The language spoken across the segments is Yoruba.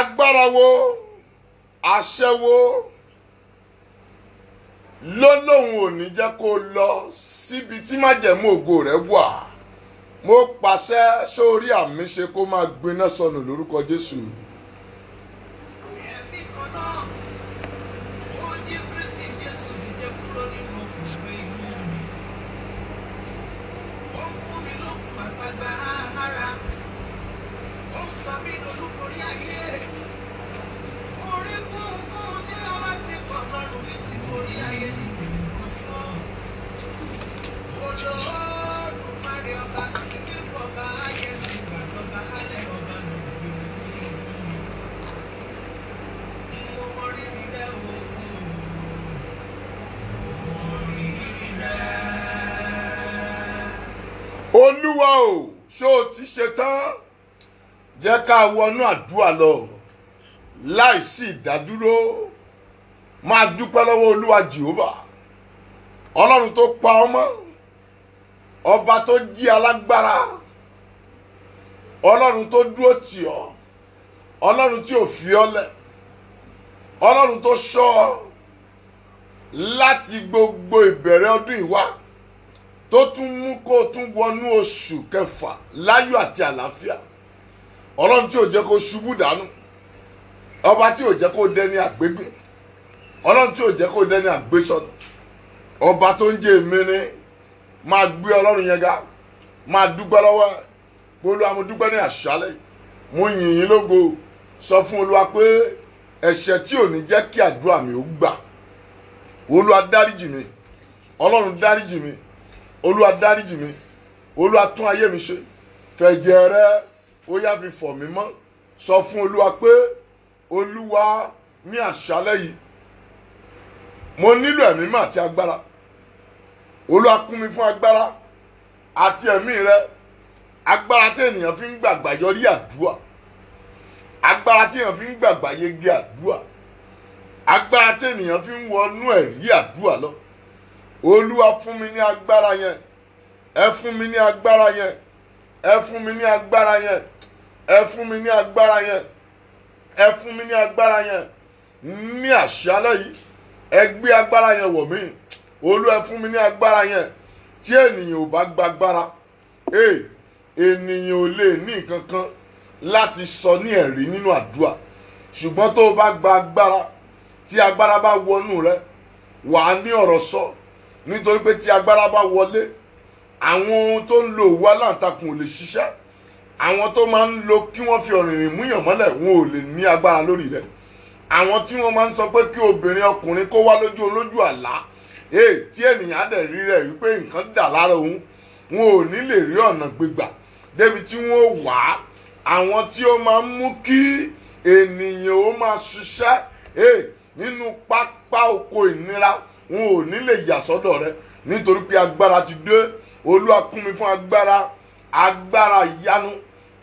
agbára wo àṣẹ wo ló lóun ò ní jẹ́ kó lọ síbi tí májẹ̀mú ògo rẹ̀ wà mo pàṣẹ sórí àmì ṣe kó máa gbiná sọnù lórúkọ Jésù. olúwa o ṣó o ti ṣe tán jẹ́ ká wọnú àdúrà lọ láìsí ìdádúró máa dúpẹ́ lọ́wọ́ olúwa jehova ọlọ́run tó pa ọmọ ọba tó jí alágbára ọlọ́run tó dúró tì ọ́ ọlọ́run tí ò fi ọ́ lẹ̀ ọlọ́run tó ṣọ́ ọ láti gbogbo ìbẹ̀rẹ̀ ọdún ìwá tó tún mú kó o tún wọnú oṣù kẹfà láyọ̀ àti àlàáfíà ọlọ́run tí ò jẹ́ kó ṣubú dànù ọba tí ò jẹ́ kó dẹni àgbégbè ọlọ́run tí ò jẹ́ kó dẹni àgbésọ̀nù ọba tó ń jẹ èmi ni máa gbé ọlọ́run yẹn ga máa dúpẹ́ lọ́wọ́ ẹ̀ Olúwa mo dúpẹ́ ní àṣálẹ̀ mo yìn yín lógo sọ fún Olúwa pé ẹ̀ṣẹ̀ tí ò ní jẹ́ kí àdúrà mi ó gbà Olúwa dáríjì mi ọlọ́run dáríjì mi olúwa dáríjì mi olúwa tún ayé mi ṣe fẹ̀jẹ̀ rẹ ó yá fi fọ̀ mí mọ́ sọ fún olúwa pé olúwa ní àṣálẹ́ yìí mo nílò ẹ̀mí mà àti agbára olúwa kún mi fún agbára àti ẹ̀mí rẹ agbára tí ènìyàn fi ń gbàgbà yọrí àdúrà agbára tí ènìyàn fi ń gbàgbà yege àdúrà agbára tí ènìyàn fi ń wọnú ẹ̀rí àdúrà lọ olúwa fún mi ní agbára yẹn ẹ fún mi ní agbára yẹn ẹ fún mi ní agbára yẹn ẹ fún mi ní agbára yẹn ẹ fún mi ní agbára yẹn ní àṣálẹ́ yìí ẹ gbé agbára yẹn wọ̀ mí olúwa ẹ fún mi ní agbára yẹn tí ènìyàn ò bá gba agbára ee ènìyàn ò lè ní nǹkan kan láti sọ ní ẹ̀rí nínú àdúrà ṣùgbọ́n tó o bá gba agbára tí agbára bá wọnú rẹ wàá ní ọ̀rọ̀ sọ. So nítorí pé tí agbára bá wọlé àwọn ohun tó ń lo òwú aláǹtakùn ò lè ṣiṣẹ́ àwọn tó máa ń lo kí wọ́n fi ọ̀rìnrìn múyàn mọ́lẹ̀ wọn ò lè ní agbára lórí rẹ̀ àwọn tí wọ́n máa ń sọ pé kí obìnrin ọkùnrin kó wá lójú olójú àlá èè eh, tí ènìyàn á dẹ̀ rí rẹ̀ wípé nǹkan dà lára òun wọn ò ní lè rí ọ̀nà gbégbà débi tí wọ́n wà á àwọn tí ó máa ń mú kí ènìyàn ó máa ṣiṣẹ́ èè eh, nínú pápá oko ìnira wọn ò ní lè yà sọ́dọ̀ rẹ nítorí pé agbára ti dé olúwa kún mi fún agbára agbára ìyanu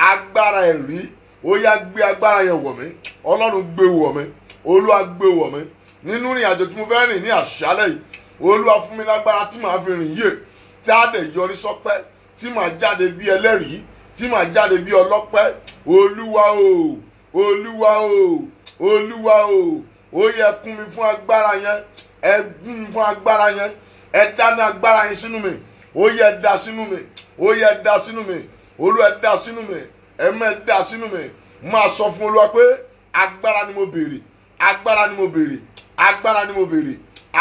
agbára ẹ̀rí ó yá gbé agbára yẹn wọ̀ mí ọlọ́run gbé e wọ̀ mí olúwa gbé e wọ̀ mí nínú ìrìn àjò tí mo fẹ́ rìn ní àṣálẹ̀ yìí olúwa fún mi lágbára tí màá fi rìn yìí tí a dẹ̀ yọrí sọ́pẹ́ tí màá jáde bí ẹlẹ́rìí tí màá jáde bí ọlọ́pẹ́ olúwa o olúwa o olúwa o ó yẹ kún mi fún agbára yẹn ẹ gún fún agbára yẹn ẹ dáná agbára yẹn sínú mi ó yẹ da sínú mi ó yẹ da sínú mi olúwa da sínú mi ẹ mẹ da sínú mi máa sọ fún olúwa pé agbára ni mo béèrè agbára ni mo béèrè agbára ni mo béèrè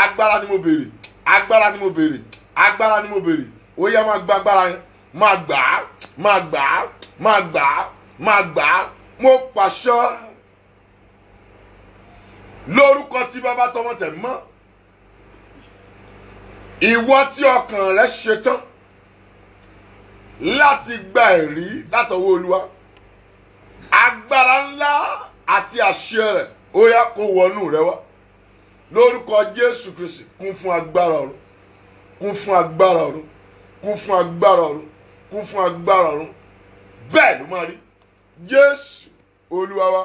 agbára ni mo béèrè agbára ni mo béèrè agbára ni mo béèrè ó máa gba agbára yẹn máa gbà á máa gbà á máa gbà á máa gbà á mo pàṣọ lórúkọ tí bàbá tọmọ tẹ̀ mọ́ ìwọ tí ọkàn rẹ ṣetán láti gba ẹ̀rí látọwọ́ olúwa agbára ńlá àti àṣẹ rẹ̀ ó yá kó wọnú rẹ wá lórúkọ jésù kristi kún fún agbára ọ̀run kún fún agbára ọ̀run kún fún agbára ọ̀run kún fún agbára ọ̀run bẹ́ẹ̀ ló máa rí jésù olúwa wa.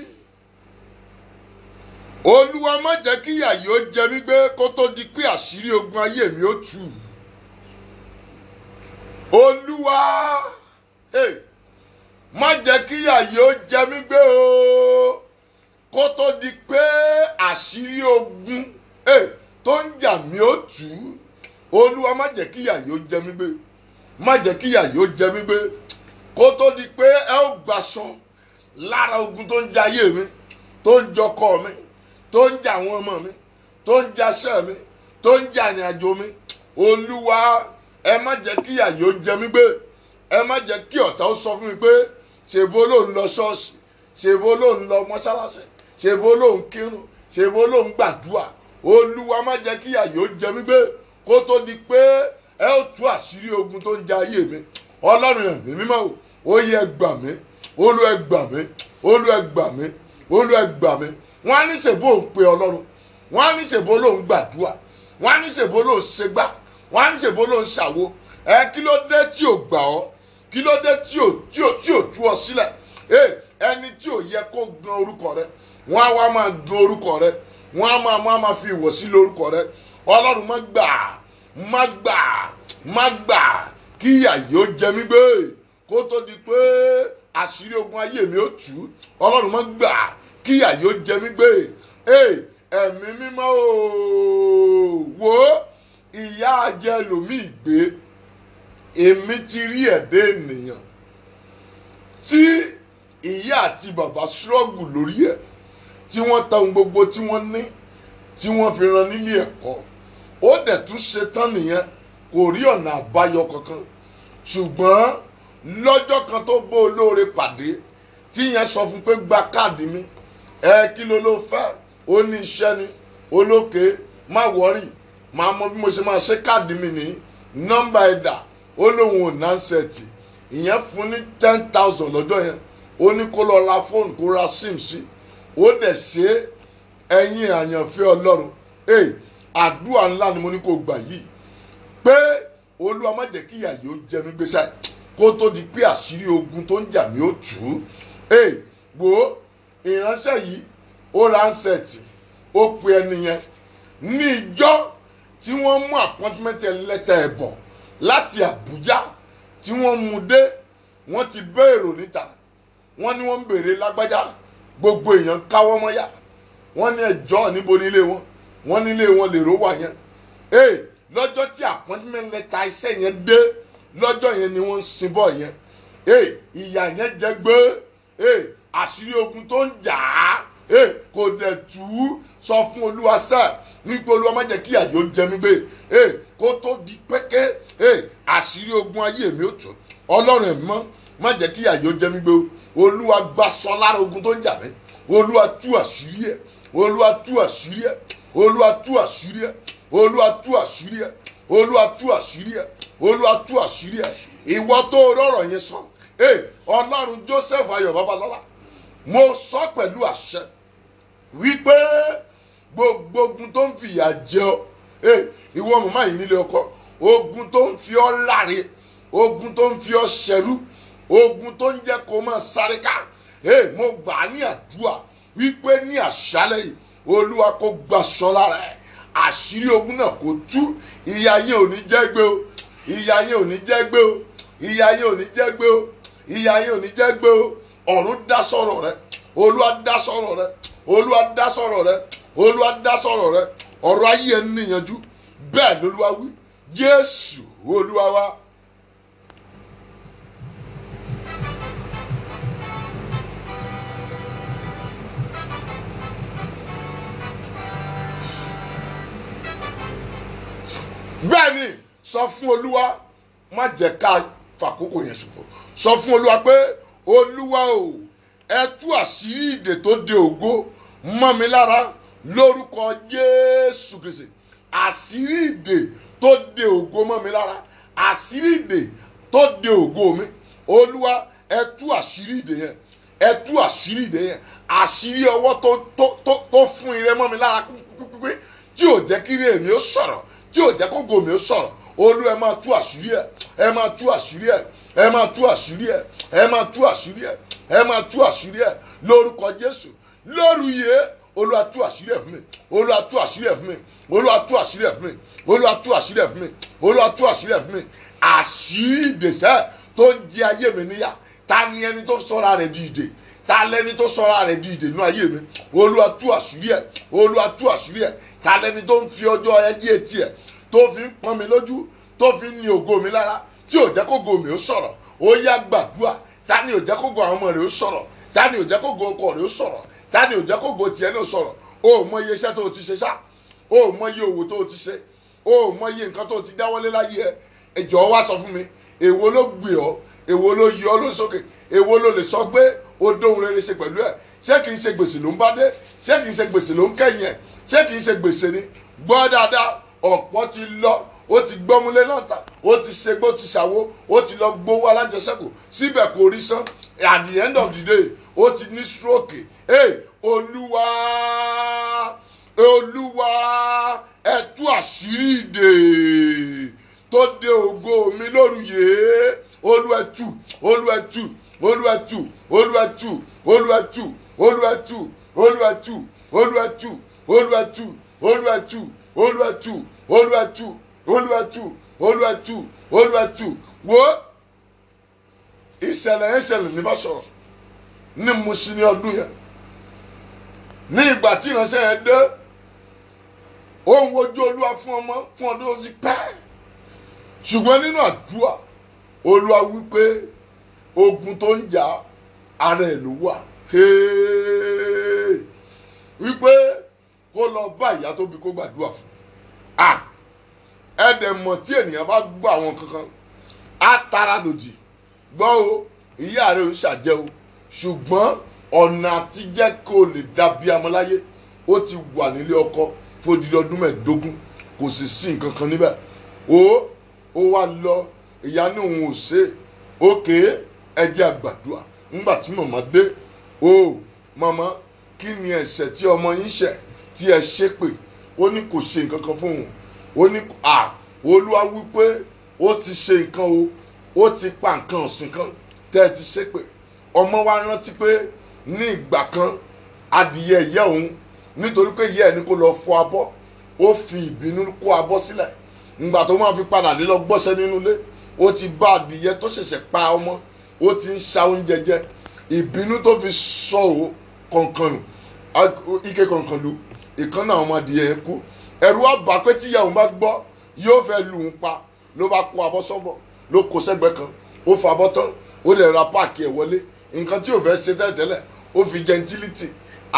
olúwa má jẹ́ kí ìyà yìí ó jẹ mí gbé kó tó di pé àṣírí ogun ayé mi ó tú olúwa má jẹ́ kí ìyà yìí ó jẹ mí gbé o kó tó di pé àṣírí ogun tó ń jà mí ó tú olúwa má jẹ́ kí ìyà yìí ó jẹ mí gbé má jẹ́ kí ìyà ó jẹ mí gbé kó tó di pé ẹ ó gbàṣọ lára ogun tó ń jayé mi tó ń jọkọ mi tó ń jà àwọn ọmọ mi tó ń jaṣẹ́ mi tó ń jà ní àjò mi olúwa ẹ má jẹ́ kí àyè ó jẹ mí gbé ẹ má jẹ́ kí ọ̀tá ó sọ fún mi pé ṣèbó ló ń lọ ṣọ́ọ̀ṣì ṣèbó ló ń lọ mọ́ṣáláṣí ṣèbó ló ń kírun ṣèbó ló ń gbàdúrà olúwa má jẹ́ kí àyè ó jẹ mí gbé kó tó di pé ẹ ó tú àṣírí ogun tó ń ja ayé mi ọlọ́run ẹ̀mí mímọ́ o ó yẹ gbà mí olú ẹ gbà mí olú ẹ gbà mí olú ẹ gbà mí wọ́n á ní ṣèbó ń pe ọlọ́run wọ́n á ní ṣèbó ló ń gbàdúrà wọ́n á ní ṣèbó ló ń ṣègbà wọ́n á ní ṣèbó ló ń ṣàwo ẹ kí ló dé tí ò gbà ọ́ kí ló dé tí ò tí ò tí ò tú ọ sílẹ̀ ẹni tí ò yẹ kó gan orúkọ rẹ wọ́n á wá máa gan orúkọ rẹ wọ́n á máa wọ́n máa fi ìwọ̀sí lórúkọ rẹ ọlọ́run má gbà má gbà má gbà kí ìyà yóò jẹ mí gbé kó tó di pé àṣírí ogun ayé mi ó tú ọlọ́run má gbà kí àyè ó jẹ mí gbé ẹ̀mí mímọ́ ooo wo ìyà ajẹ lòmíì gbé èmi ti rí ẹ̀dẹ́ ènìyàn tí ìyá àti bàbá ṣọ́ọ̀gù lórí ẹ̀ tí wọ́n ta ohun gbogbo tí wọ́n ní tí wọ́n fi ran nílé ẹ̀kọ́ ó dẹ̀ tún ṣe tán nìyẹn kò rí ọ̀nà àbáyọ kankan ṣùgbọ́n lọ́jọ́ kan tó bó olóore pàdé tí yẹn sọ fún pé gba káàdì mi ẹ kí ló ló fẹ́ ó ní iṣẹ́ ni olókè má wọ́rì máa mọ bí mo ṣe máa ṣe káàdì mi ní nọ́mbà ẹ̀dà ó lóun ò nánsẹ̀tì ìyẹn fún ní ten thousand lọ́jọ́ yẹn ó ní kó lọ ra fóònù kó ra sim sí ó dẹ̀ ṣe ẹ̀yìn àyànfẹ́ ọlọ́run ee àdúrà ńlá ni mo ní kó gbà yìí pé olúwa má jẹ́ kí ìyà ó jẹ mí gbèsè kó tó di pé àṣírí ogun tó ń jà mí ó tù ú ee gbòó ìránṣẹ́ yìí ó ránṣẹ́ẹ̀tì ó pe ẹni yẹn ní ìjọ́ tí wọ́n mú appointment letter ẹ̀bọ̀n láti Àbújá tí wọ́n mú dé wọ́n ti béèrò níta wọ́n ní wọ́n ń béèrè lágbájá gbogbo èèyàn káwọ́ mọ́yà wọ́n ní ẹjọ́ níbo nílé wọn wọ́n nílé wọn lèrò wà yẹn ee lọ́jọ́ tí appointment lẹ́tà iṣẹ́ yẹn dé lọ́jọ́ yẹn ni wọ́n ń sin yẹn ee ìyà yẹn jẹ gbé ee àṣírí ogun tó ń jà á kò dẹ̀ tú sọ fún olúwa sẹ́ wípé olúwa má jẹ́ kí àyè ó jẹ mí gbé kó tó di pẹ́kẹ́ àṣírí ogun ayé mi ó tún ọlọ́run ẹ̀ mọ́ má jẹ́ kí àyè ó jẹ mí gbé olúwa gba sọ lára ogun tó ń jà mí olúwa tú àṣírí ẹ̀ olúwa tú àṣírí ẹ̀ olúwa tú àṣírí ẹ̀ olúwa tú àṣírí ẹ̀ olúwa tú àṣírí ẹ̀ olúwa tú àṣírí ẹ̀ ìwọ tó rọrọ̀ yẹn sọ ọlọ́run joseph ayọ̀ babalọ́lá mo sọ pẹ̀lú àṣẹ wípé gbogbo ogun tó ń fi ìyà jẹ ọ eh, ìwọ màmá yìí nílé ọkọ ogun tó ń fi ọ láre ogun tó ń fi ọ ṣẹrú ogun tó ń jẹ kó máa sáré ká eh, mo gbà á ní àdúrà wípé ní àṣálẹ́ yìí olúwa kó gbaṣọ lára ẹ àṣírí ogun náà kò tú ìyà yẹn ò ní jẹ́ gbé o ìyà yẹn ò ní jẹ́ gbé o ìyà yẹn ò ní jẹ́ gbé o ìyà yẹn ò ní jẹ́ gbé o ọ̀run dá sọ̀rọ̀ rẹ olúwa dá sọ̀rọ̀ rẹ olúwa dá sọ̀rọ̀ rẹ olúwa dá sọ̀rọ̀ rẹ ọ̀rọ̀ ayé ẹ̀ níyanjú bẹ́ẹ̀ lolúwa wí jésù olúwa wa. bẹ́ẹ̀ ni sọ fún olúwa má jẹ́ ká fàkókò yẹn ṣòfò sọ fún olúwa pé olúwa o ẹ tú àṣírí ìdè tó de ògo mọ́ mi lára lórúkọ jésù kìsì àṣírí ìdè tó de ògo mọ́ mi lára àṣírí ìdè tó de ògo mi olúwa ẹ tú àṣírí ìdè yẹn ẹ tú àṣírí ìdè yẹn àṣírí ọwọ́ tó tó tó fún ire mọ́ mi lára pípé tí ò jẹ́ kí ire mi ó sọ̀rọ̀ tí ò jẹ́ kó go mi ó sọ̀rọ̀ olú ẹ máa tú àṣírí ẹ ẹ máa tú àṣírí ẹ ẹ máa tú àṣírí ẹ ẹ máa tú àṣírí ẹ ẹ máa tú àṣírí ẹ lórúkọ jésù lóru yìí olúwa tú àṣírí ẹ fún mi olúwa tú àṣírí ẹ fún mi olúwa tú àṣírí ẹ fún mi olúwa tú àṣírí ẹ fún mi olúwa tú àṣírí ẹ fún mi àṣírí ìdèsẹ́ tó ń jẹ ayé mi níyà ta ni ẹni tó sọra rẹ̀ di ìdè ta lẹni tó sọra rẹ̀ di ìdè nínú ayé mi olúwa tú àṣírí ẹ olúwa tú àṣírí ẹ ta lẹni tó ń fi ọjọ́ ẹjí etí ẹ tó fi ń pọ́n mi lójú tó fi ń ni ògo mi lára tí ò jẹ́ kógo mi ó sọ̀rọ̀ ó yá gbàdúrà ta ni ò jẹ́ kógo àwọn ọmọ rẹ̀ ó sọ̀rọ̀ ta ò jẹ́ kógo ọkọ rẹ̀ ó sọ̀rọ̀ ta ò jẹ́ kógo tiẹ̀ náà sọ̀rọ̀ o ò mọ iye iṣẹ́ tó o ti ṣe ṣá o ò mọ iye òwò tó o ti ṣe o ò mọ iye nǹkan tó o ti dáwọ́lé láyé ẹ ẹ jọ̀ọ́ wá sọ fún mi èwo ló gbé ọ èwo ló yọ ọ ló sókè èwo ló lè sọ pé o dóhun rere ṣe pẹ̀lú ẹ ṣé kìí ṣe gbèsè ló ń bá dé ṣé kìí ṣe gbèsè ló ń kẹ́yìn ẹ ṣé kìí ṣe gbèsè ni gbọ́ dáadáa ọ̀pọ̀ ti lọ ó ti gbọ́múlé lọ́ta ó ti ṣègbó ti ṣàwó ó ti lọ gbowó alájẹsẹ́kù síbẹ̀ kò rí san at the end of the day ó ti ní stroke hey, olúwa olúwa ẹ tú àṣírí ìdè tó dé ògo mi lórúyè olúwẹtù olúwẹtù olúwẹtù olúwẹtù olúwẹtù olúwẹtù olúwẹtù olúwẹtù olúwẹtù olúwẹtù olúwẹtù olúwa tú olúwa tú olúwa tú olúwa tú wo ìṣẹ̀lẹ̀ ìṣẹ̀lẹ̀ ní bá sọ̀rọ̀ ní musin ní ọdún yẹn ní ìgbà tí ìránṣẹ́ yẹn dé òun ojú olúwa fún ọmọ fún ọdún ó ti pẹ́ ṣùgbọ́n nínú àdúrà olúwa wípé ogun tó ń jà ara ẹ̀ ló wà wípé kó lọ bá ìyá tó kó gbàdúrà fún àdẹ̀mọ̀ tí ènìyàn bá gbọ́ àwọn kankan á tara lòdì gbọ́ o ìyá rẹ̀ ò ṣàjẹ́ o ṣùgbọ́n ọ̀nà àtijẹ́ kó o lè dàbí amọ́láyé ó ti wà nílé ọkọ fún odidi ọdún mẹ́ẹ̀ẹ́dógún kò sì sí nǹkan kan níbẹ̀ o ó wá lọ ìyá ní òun ò ṣe òkè ẹjẹ́ àgbàdua ńgbà tí màmá dé o màmá kí ni ẹ̀ṣẹ̀ tí ọmọ yín ṣẹ̀ tí ẹ ṣépè ó ní kò ṣe nǹkan kan fún ó ní à olúwa wípé ó ti ṣe nǹkan o ó ti pa nǹkan ọ̀sìn kan tẹ́ ẹ ti ṣépè ọmọ wa rántí pé ní ìgbà kan adìyẹ ìyá òun nítorí pé ìyá ẹ̀ ní kó lọ fọ abọ́ ó fi ìbínú kó abọ́ sílẹ̀ ǹgbà tó máa fi padà lé lọ gbọ́sẹ̀ nínú ilé ó ti bá adìyẹ tó ṣẹ̀ṣẹ̀ pa ọmọ ó ti ń sa oúnjẹ jẹ ìbínú tó fi sọ ò kọ̀ǹkọ̀nù ike kọ̀ǹkọ̀nù ìkànnà ọmọ adìyẹ kú ẹ̀rù àbá pé tíyàwó bá gbọ́ yóò fẹ́ lù ú pa ló bá kó abọ́ sọ́bọ̀ ló kó sẹ́gbẹ́ kan ó fa abọ́ tán ó lè ra páàkì ẹ̀ wọlé nǹkan tí ò fẹ́ ṣe tẹ́tẹ́lẹ̀ ó fi gentility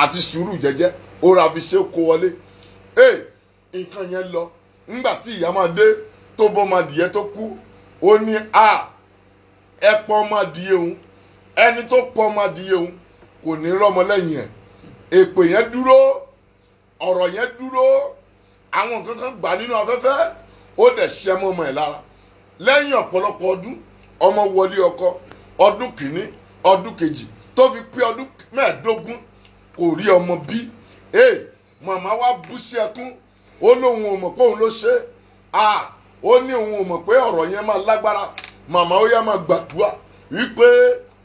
àti sùúrù jẹ́jẹ́ ó ra fi ṣe kó wọlé ẹ nǹkan yẹn lọ nígbà tí ìyá máa dé tó bọ́ máa dìyẹ tó kú ó ní a ẹ pọ́ máa dìyẹ òun ẹni tó pọ́ máa dìyẹ òun kò ní rọ́mọ lẹ́yìn ẹ̀ èpè yẹn dúró ọ̀rọ̀ yẹn dúró àwọn nǹkan gbà nínú afẹ́fẹ́ ó dẹ̀ ṣiṣẹ́ mọ́ ọmọ ẹ̀ lára lẹ́yìn ọ̀pọ̀lọpọ̀ ọdún ọmọ wọlé ọkọ ọdún kìíní ọdún kejì tó fi pé ọdún mẹ́ẹ̀ẹ́dógún kò rí ọmọ bí ee màmá wa bú sí ẹkún ó lóun ò mọ̀ pé òun ló ṣe é a ó ní òun ò mọ̀ pé ọ̀rọ̀ yẹn máa lágbára màmá ó yá máa gbàdúrà wípé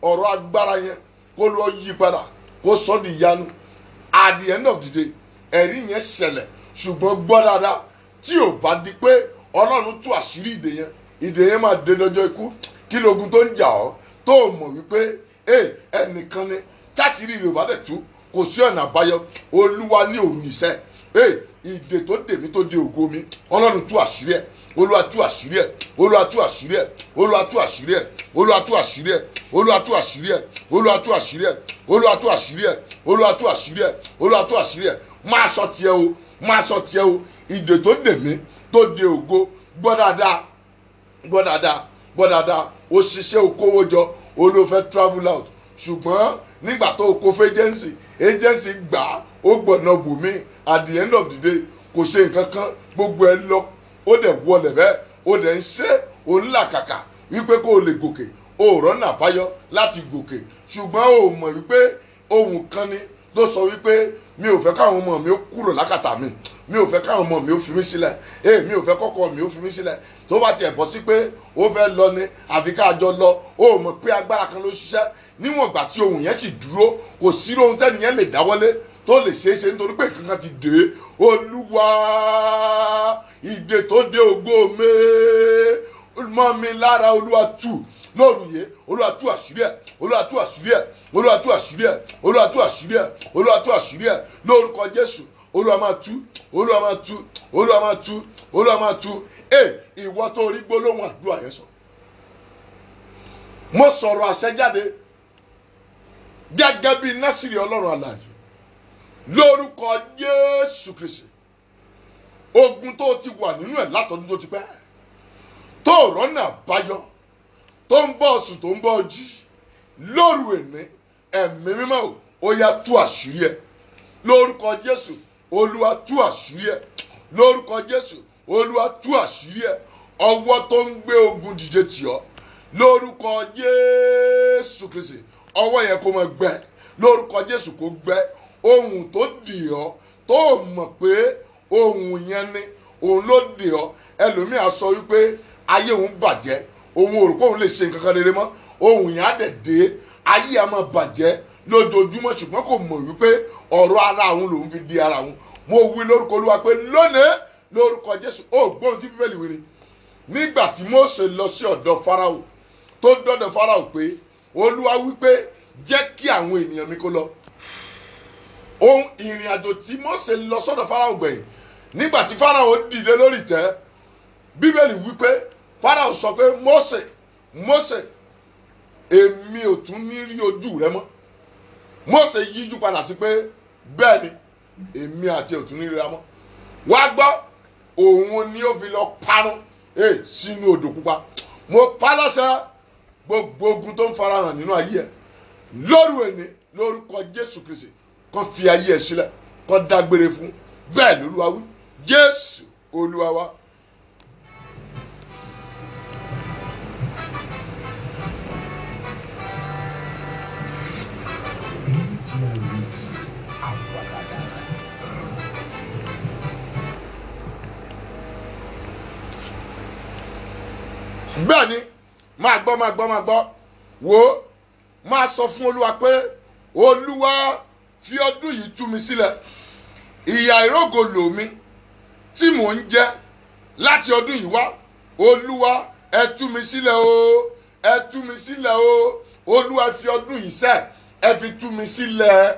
ọ̀rọ̀ agbára yẹn kó lọ yí padà kó sọ di ìyanu at the end of the day ẹ̀rí yẹn ṣẹlẹ̀ ṣùgbọ́n gbọ́ dáadáa tí ò bá di pé ọlọ́run tú àṣírí ìdè yẹn ìdè yẹn máa dé lọ́jọ́ ikú kí lóògùn tó ń jà ọ́ tó mọ̀ wípé ẹnìkan ni káṣírí yorùbá dẹ̀ tú kò sí ọ̀nà àbáyọ olúwa ní òru ìṣẹ́ ìdè tó dè mí tó dè ògo mi ọlọ́run tú àṣírí ẹ̀ olúwa tú àṣírí ẹ̀ olúwa tú àṣírí ẹ̀ olúwa tú àṣírí ẹ̀ olúwa tú àṣírí ẹ̀ olúwa tú àṣírí ẹ̀ olúwa tú àṣírí ẹ̀ olúwa tú àṣírí ẹ̀ olúwa tú àṣírí ẹ̀ olúwa tú àṣírí ẹ̀ máa sọ tiẹ̀ o máa sọ tiẹ̀ o ìdè tó dè mí tó de ògo gbọ́ dáadáa gbọ́ dáadáa gbọ́ dáadáa o ṣiṣẹ́ o jọ o ló fẹ́ travel out ṣùgbọ́n nígbà tó o kó fún agency agency gbà ó gbọ̀nà bùnmí at the end of the day kò ṣe nǹkan kan gbogbo ẹ lọ ó dẹ̀ wọlẹ̀ bẹ́ẹ̀ ó dẹ̀ ń ṣe ó ń làkàkà wípé kó o lè gòkè o rọ́nà àbáyọ láti gòkè ṣùgbọ́n o mọ̀ wípé ohun kan ni tó sọ wípé mi ò fẹ́ káwọn ọmọ mi ó kúrò lákàtà mi mi ò fẹ́ káwọn ọmọ mi ó fi mí sílẹ̀ ee mi ò fẹ́ kọ́kọ́ mi ó fi mí sílẹ̀ tó bá tiẹ̀ bọ́ sí pé ó fẹ́ lọ ni àfi ká jọ lọ ó mọ̀ pé agbára kan ló ṣiṣẹ́ níwọ̀n ìgbà tí ohun yẹn sì dúró kò sí ohun tẹ́ni yẹn lè dáwọ́lé tó lè ṣeé ṣe nítorí pé kankan ti dé olúwa ìdè tó dé ògo mẹ́ẹ́ mọ́ mi lára olúwa tú lóru yìí olúwa tú àṣírí ẹ̀ olúwa tú àṣírí ẹ̀ olúwa tú àṣírí ẹ̀ olúwa tú àṣírí ẹ̀ olúwa tú àṣírí ẹ̀ lórúkọ jésù olúwa máa tú olúwa máa tú olúwa máa tú olúwa máa tú ẹ ìwọ tó rí gbólóhùn àdúrà yẹn sọ mo sọ̀rọ̀ àṣẹjáde gẹ́gẹ́ bíi násìrì ọlọ́run àlàyé lórúkọ jésù kristi ogun tó ti wà nínú ẹ̀ látọdún tó ti pẹ́ tó rọ́nà báyọ̀ tó ń bọ́ sùn tó ń bọ́ jí lóru èní ẹ̀mí mímọ́ o ó yá tú àṣírí ẹ̀ lórúkọ jésù olúwa tú àṣírí ẹ̀ lórúkọ jésù olúwa tú àṣírí ẹ̀ ọwọ́ tó ń gbé ogun dìde tì ọ́ lórúkọ jésù kristi ọwọ́ yẹn kó máa gbẹ lórúkọ jésù kó gbẹ ohun tó dì ọ́ tó mọ̀ pé ohun yẹn ni òun ló dì ọ́ ẹlòmíà sọ wípé ayé òun bàjẹ́ òun ò rò pé òun lè ṣe nǹkan kan rere mọ́ òun yẹn á dẹ̀ dé ayé á máa bàjẹ́ lójoojúmọ́ ṣùgbọ́n kò mọ̀ wípé ọ̀rọ̀ ara òun lòun fi di ara òun mo wí lórúkọ olúwa pé lónìí lórúkọ jésù ó gbóhùn tí bíbélì wí ni nígbà tí Mósè lọ sí ọ̀dọ̀ farao tó dọ́dọ̀ Fáráò pé olúwa wípé jẹ́ kí àwọn ènìyàn mi kó lọ ohun ìrìn àjò tí Mósè lọ sọ́dọ̀ Fáráò gbẹ̀yìn nígbà tí Fáráò dìde lórí ìtẹ́ bíbélì wípé Pharaoh sọ pé Mósè Mósè èmi ò tún ní rí ojú rẹ mọ́ Mósè yíjú padà sí pé bẹ́ẹ̀ ni èmi àti ò tún ní rí ra mọ́ wá gbọ́ òun ni ó fi lọ parun ee eh, sínú odò pupa mo pa láṣẹ gbogbo ogun tó ń farahàn nínú ayé ẹ lóru èní lórúkọ Jésù Kristi kó fi ayé ẹ sílẹ̀ kó dágbére fún bẹ́ẹ̀ lóluwa wí Jésù Olúwa wa. bẹ́ẹ̀ ni máa gbọ́ máa gbọ́ máa gbọ́ wò ó máa sọ fún olúwa pé olúwa fi ọdún yìí tú mi sílẹ̀ ìyà ìrógo lò mí tí mò ń jẹ láti ọdún yìí wá olúwa ẹ tú mi sílẹ̀ o ẹ tú mi sílẹ̀ o olúwa fi ọdún yìí sẹ́ ẹ fi tú mi sílẹ̀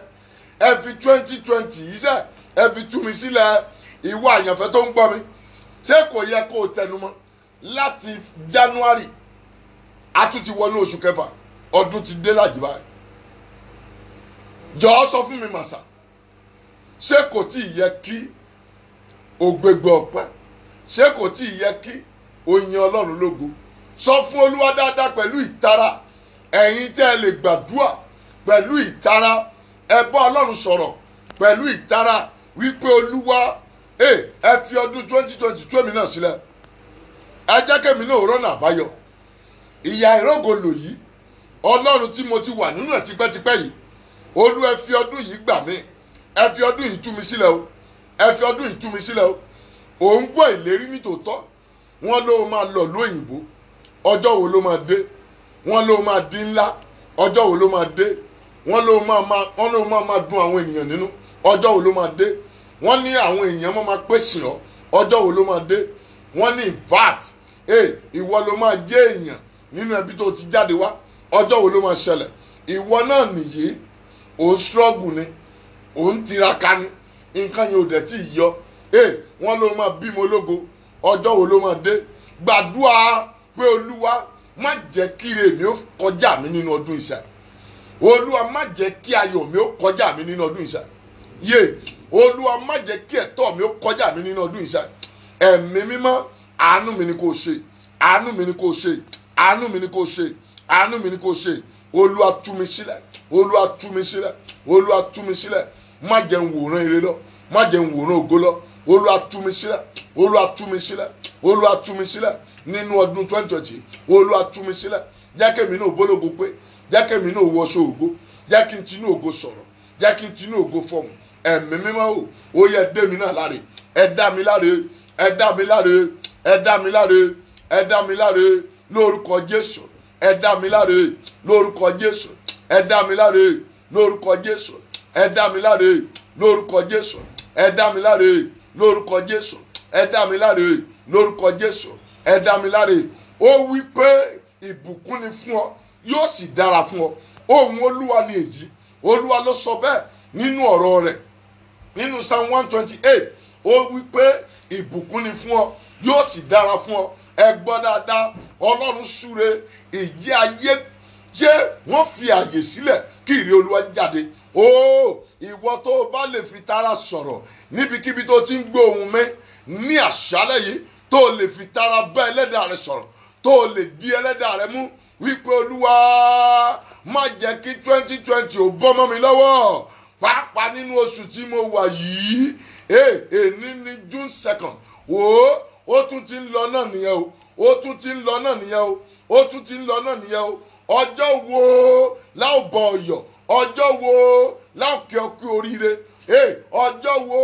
ẹ fi twenty twenty yìí sẹ́ ẹ fi tú mi sílẹ̀ ìwọ àyànfẹ́ tó ń gbọ́ mi ṣé kò yẹ kó o tẹnu mọ́ láti january a tún ti wọnú oṣù kẹfà ọdún ti dé lájì báyìí jọ̀ọ́ sọ fún mi màsà ṣé kò tí ì yẹ kí ògbégbé ọpẹ́ ṣé kò tí ì yẹ kí oyin Ọlọ́run lógo sọ fún Olúwa dáadáa pẹ̀lú ìtara ẹ̀yin tẹ́ ẹ lè gbàdúà pẹ̀lú ìtara ẹ bá Ọlọ́run sọ̀rọ̀ pẹ̀lú ìtara wípé Olúwa eh, ẹ fi ọdún twenty twenty two mi náà sílẹ̀ ajá kẹ́mi náà rọ́nà àbáyọ ìyá ìrógo lò yìí ọlọ́run tí mo ti wà nínú ẹ̀ tipẹ́tipẹ́ yìí olú ẹ fi ọdún yìí gbà mí ẹ fi ọdún yìí tú mi sílẹ̀ o ẹ fi ọdún yìí tú mi sílẹ̀ o òun gbọ́ ìlérí nítòótọ́ wọ́n ló máa lọ lóyìnbó ọjọ́ wo ló máa dé wọ́n ló máa dín ńlá ọjọ́ wo ló máa dé wọ́n ló máa máa wọ́n ló máa máa dùn àwọn ènìyàn nínú ọjọ́ wo ló máa dé wọ́n ní àwọn èèyàn máa máa pèsè ọ́ ọjọ́ wo ló máa dé wọ́n ní in ìwọ ló máa jẹ́ èèyàn nínú ẹbí tó ti jáde wá ọjọ́ wo ló máa ṣẹlẹ̀ ìwọ náà nìyí òun struggle ni òun tiraka ni nǹkan yẹn ò dẹ̀ tí ì yọ wọ́n ló máa bímọ ológo ọjọ́ wo ló máa dé gbàdúrà pé olúwa má jẹ́ kí ire mi ó kọjá mi nínú ọdún ìṣà olúwa má jẹ́ kí ayọ̀ mi ó kọjá mi nínú ọdún ìṣà yé olúwa má jẹ́ kí ẹ̀tọ́ mi ó kọjá mi nínú ọdún ìṣà ẹ̀mí mímọ́ àánú mi ni kò ṣe àánú mi ni kò ṣe àánú mi ni kò ṣe àánú mi ni kò ṣe olúwa tú mi sílẹ̀ olúwa tú mi sílẹ̀ olúwa tú mi sílẹ̀ má jẹ́ ń wòran ire lọ má jẹ́ ń wòran ògo lọ olúwa tú mi sílẹ̀ olúwa tú mi sílẹ̀ olúwa tú mi sílẹ̀ nínú ọdún twenty twenty olúwa tú mi sílẹ̀ jẹ́ kí èmi náà bólógo pé jẹ́ náà wọṣọ ògo jẹ́ kí tinú ògo sọ̀rọ̀ jẹ́ kí tinú ògo fọ̀mù ẹ̀mí mímọ́ o ó yẹ dé mi náà láre ẹ dá mi láre ẹ dá mi láre ẹ dá mi láre ẹ dá mi láre lórúkọ jésù ẹ dá mi láre lórúkọ jésù ẹ dá mi láre lórúkọ jésù ẹ dá mi láre lórúkọ jésù ẹ dá mi láre lórúkọ jésù ẹ dá mi láre lórúkọ jésù ẹ dá mi láre ó wí pé ìbùkún ni fún ọ yóò sì dára fún ọ ohun olúwa ni èyí olúwa ló sọ bẹ́ẹ̀ nínú ọ̀rọ̀ rẹ̀ nínú psalm one twenty eight ó wí pé ìbùkún ni fún ọ yóò sì dára fún ọ ẹ gbọ́ dáadáa ọlọ́run súre ìjẹ́ ayé ṣé wọ́n fi àyè sílẹ̀ kí ìrè olúwa jáde ó ìwọ tó o bá lè fi tara sọ̀rọ̀ níbikíbi tó ti ń gbọ́ ohùn mi ní àṣálẹ́ yìí tó o lè fi tara bá ẹlẹ́dàá rẹ sọ̀rọ̀ tó o lè di ẹlẹ́dàá rẹ mú wípé olúwa má jẹ́ kí twenty twenty ò bọ́ mọ́ mi lọ́wọ́ pàápàá nínú oṣù tí mo wà yìí eh, èní ni June second wò ó tún ti ń lọ náà nìyẹn o ó tún ti ń lọ náà nìyẹn o ó tún ti ń lọ náà nìyẹn o ọjọ́ wo láò bọ ọ̀yọ̀ ọjọ́ wo láò kí ọ kú oríire ọjọ́ wo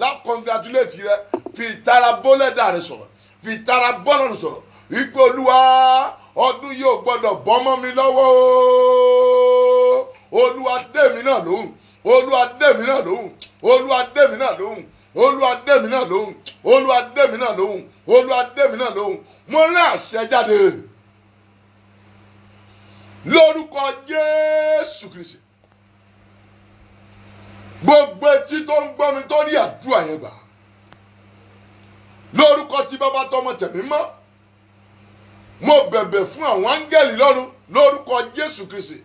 láò congratulate rẹ fi ìtara bọ́lẹ́dà rẹ sọ̀rọ̀ fi ìtara bọ́lọ̀ rẹ sọ̀rọ̀ ìpè olúwa ọdún yìí ò gbọ́dọ̀ bọ́mọ́ mi lọ́wọ́ o olúwa dé mi náà lóhùn olúwa dé mi náà lóhùn olúwa dé mi náà lóhùn olúwa dé mi náà lóhùn olúwa dé mi náà lóhùn olúwa dé mi náà lóhùn mo rán àṣẹ jáde lórúkọ jésù kristi gbogbo etí tó ń gbọ́ mi tó rí àdúrà yẹn gbà lórúkọ tí bàbá tọmọ tẹ̀mí mọ́ mo bẹ̀bẹ̀ fún àwọn áńgẹ́lì lọ́run lórúkọ jésù kristi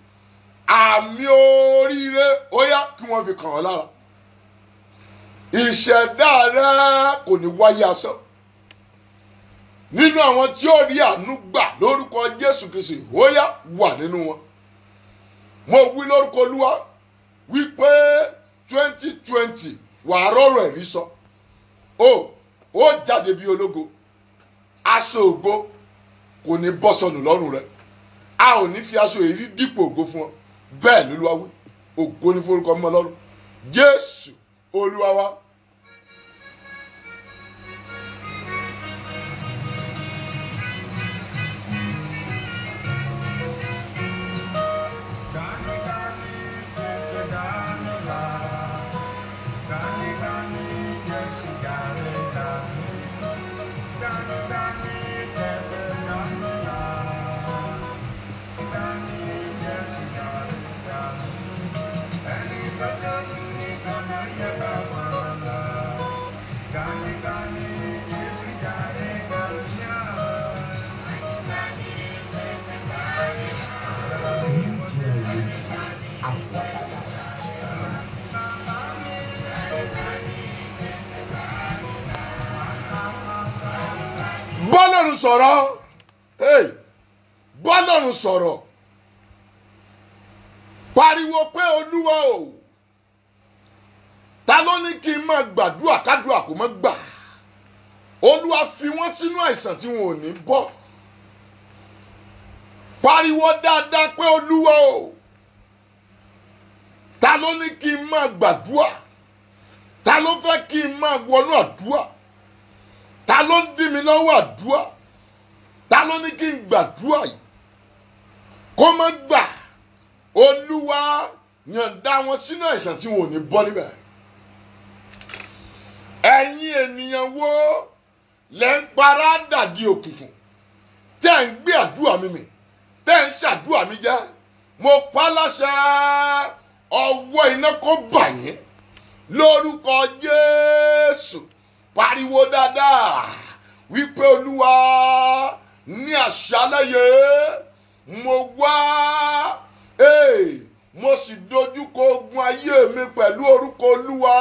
àmì oríire ó yá kí wọ́n fi kàn ọ́ lára ìṣẹ̀dá rẹ kò ní wáyé asán nínú àwọn tí ó rí àánú gbà lórúkọ Jésù Kristi ó wà nínú wọn mo wí lórúkọ Olúwa wípé twenty twenty wàá rọrùn ẹ̀rí sọ o ó jáde bí ológo aṣọ ògo kò ní bọ́ sọnù lọ́rùn rẹ a ò ní fi aṣọ èrí dípò ògo fún ọ bẹ́ẹ̀ ló lọ́wọ́ ògo ní forúkọ mọ́ lọ́rùn Jésù Olúwa wa bọ́lọ́run sọ̀rọ̀ bọ́lọ́run sọ̀rọ̀ pariwo pé olúwa o ta ló ní kí n máa gbàdúrà kádùrà kó má gbà olúwa fi wọ́n sínú àìsàn tí wọn ò ní bọ́ pariwo dáadáa pé olúwa o ta ló ní kí n máa gbàdúrà ta ló fẹ́ kí n máa wọnú àdúrà ta ló ń dí mi lọ́wọ́ àdúrà ta ló ní kí n gbàdúrà yìí kó má gbà olúwa yànda wọn sínú àìsàn tí wọn ò ní bọ́ níbẹ̀ ẹ̀yin ènìyàn wo lẹ́ ń para dàdí òkùnkùn tẹ́ ń gbé àdúrà mi mì tẹ́ ń ṣàdúrà mi jẹ́ mo pa láṣẹ ọwọ́ iná kó bà yín lórúkọ Jésù pariwo dáadáa wípé olúwa ní àṣálẹ́ yẹn mo wá ee mo sì dojúkọ ogun ayé mi pẹ̀lú orúkọ olúwa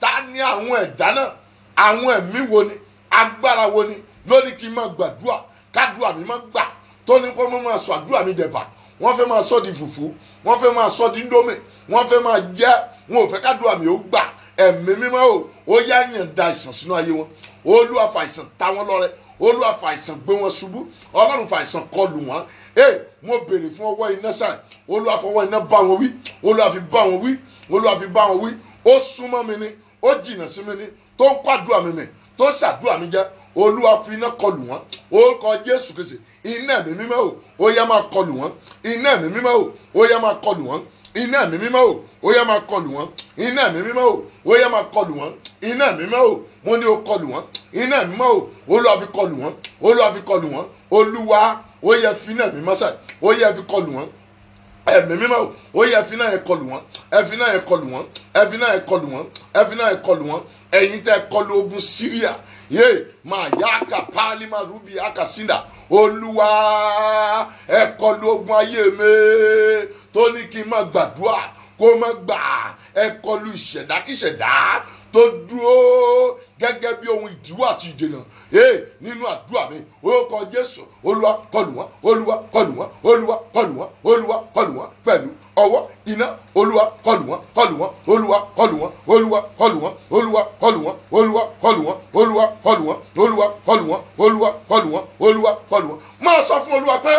ta ni àwọn ẹ̀dá náà àwọn ẹ̀mí wo ni agbára wo ni lórí kí n máa gbàdúrà kádùá mi máa gbà tó ní kó máa sọ àdúrà mi dẹ̀bà wọ́n fẹ́ máa sọ di fùfú wọ́n fẹ́ máa sọ di ndómè wọ́n fẹ́ máa jẹ́ wọn ò fẹ́ kádùá mi ó gbà ẹ̀mí mímọ́ o ó yá yànda àìsàn sínú ayé wọn olúwa fàìsàn ta wọn lọ́rẹ olúwa fàìsàn gbé wọn ṣubú ọlọ́run fàìsàn kọlù wọn ee mo béèrè fún ọwọ́ iná sáà olúwa fọwọ́ iná bá wọn wí olúwa fi bá wọn wí olúwa fi bá wọn wí ó súnmọ́ mi ni ó jìnnà sí mi ni tó ń kwàdúrà mi mì tó ń ṣàdúrà mi jẹ́ olúwa fi iná kọlù wọn orúkọ jésù kìsì iná ẹ̀mí mímọ́ o ó yá máa kọlù wọn iná ẹ̀mí mímọ́ o ó yá máa kọlù wọn iná ẹ̀mí mímọ́ o ó yá máa kọlù wọn iná ẹ̀mí mímọ́ o ó yá máa kọlù wọn iná ẹ̀mí mímọ́ o mo ní o kọlù wọn iná ẹ̀mí mímọ́ o olúwa fi kọlù wọn olúwa fi kọlù wọn olúwa ó yẹ fi iná ẹ̀mí mímọ́ sẹ̀ ó yẹ fi kọlù wọn ẹ̀mí mímọ́ o ó yẹ ẹ̀fin náà yẹn kọlù wọn ẹ̀fin náà yẹn kọlù wọn ẹ̀fin náà yẹn kọlù wọn ẹ̀fin náà yẹn kọlù wọn ẹ̀yin tẹ́ kọlù ogun Síríà yé máa yá aka paálí máa rúbi aka sínda olúwa ẹ ogun ayé mi tó ní kí n máa gbàdúrà kó má gbà ẹ kọlu ìṣẹ̀dákíṣẹ̀dá tó dúró gẹ́gẹ́ bí ohun ìdíwọ́ àti ìdènà ee nínú àdúrà mi orúkọ Jésù olúwa kọlù wọn olúwa kọlù wọn olúwa kọlù wọn olúwa kọlù wọn pẹ̀lú ọwọ́ iná olúwa kọlù wọn kọlù wọn olúwa kọlù wọn olúwa kọlù wọn olúwa kọlù wọn olúwa kọlù wọn olúwa kọlù wọn olúwa kọlù wọn olúwa kọlù wọn olúwa kọlù wọn máa sọ fún olúwa pé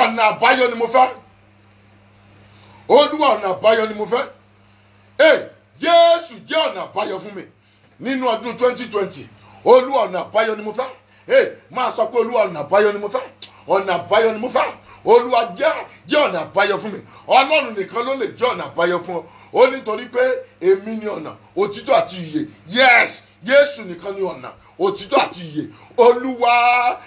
ọ̀nà àbáyọ ni mo fẹ́ olúwa ọ̀nà àbáyọ ni mo fẹ́ ee jésù jẹ́ ọ̀nà àbáyọ fún mi nínú ọdún twenty twenty olúwa ọ̀nà àbáyọ ni mo fẹ́ ee máa sọ pé olúwa ọ̀nà àbáyọ ni mo fẹ́ ọ̀nà àbáyọ ni mo fẹ́ olúwa jẹ́ jẹ́ ọ̀nà àbáyọ fún mi ọlọ́run nìkan ló lè jẹ́ ọ̀nà àbáyọ fún ọ ó nítorí pé èmi ni ọ̀nà òtítọ́ àti ìyè yes jésù nìkan ni ọ̀nà òtítọ́ àti ìyè olúwa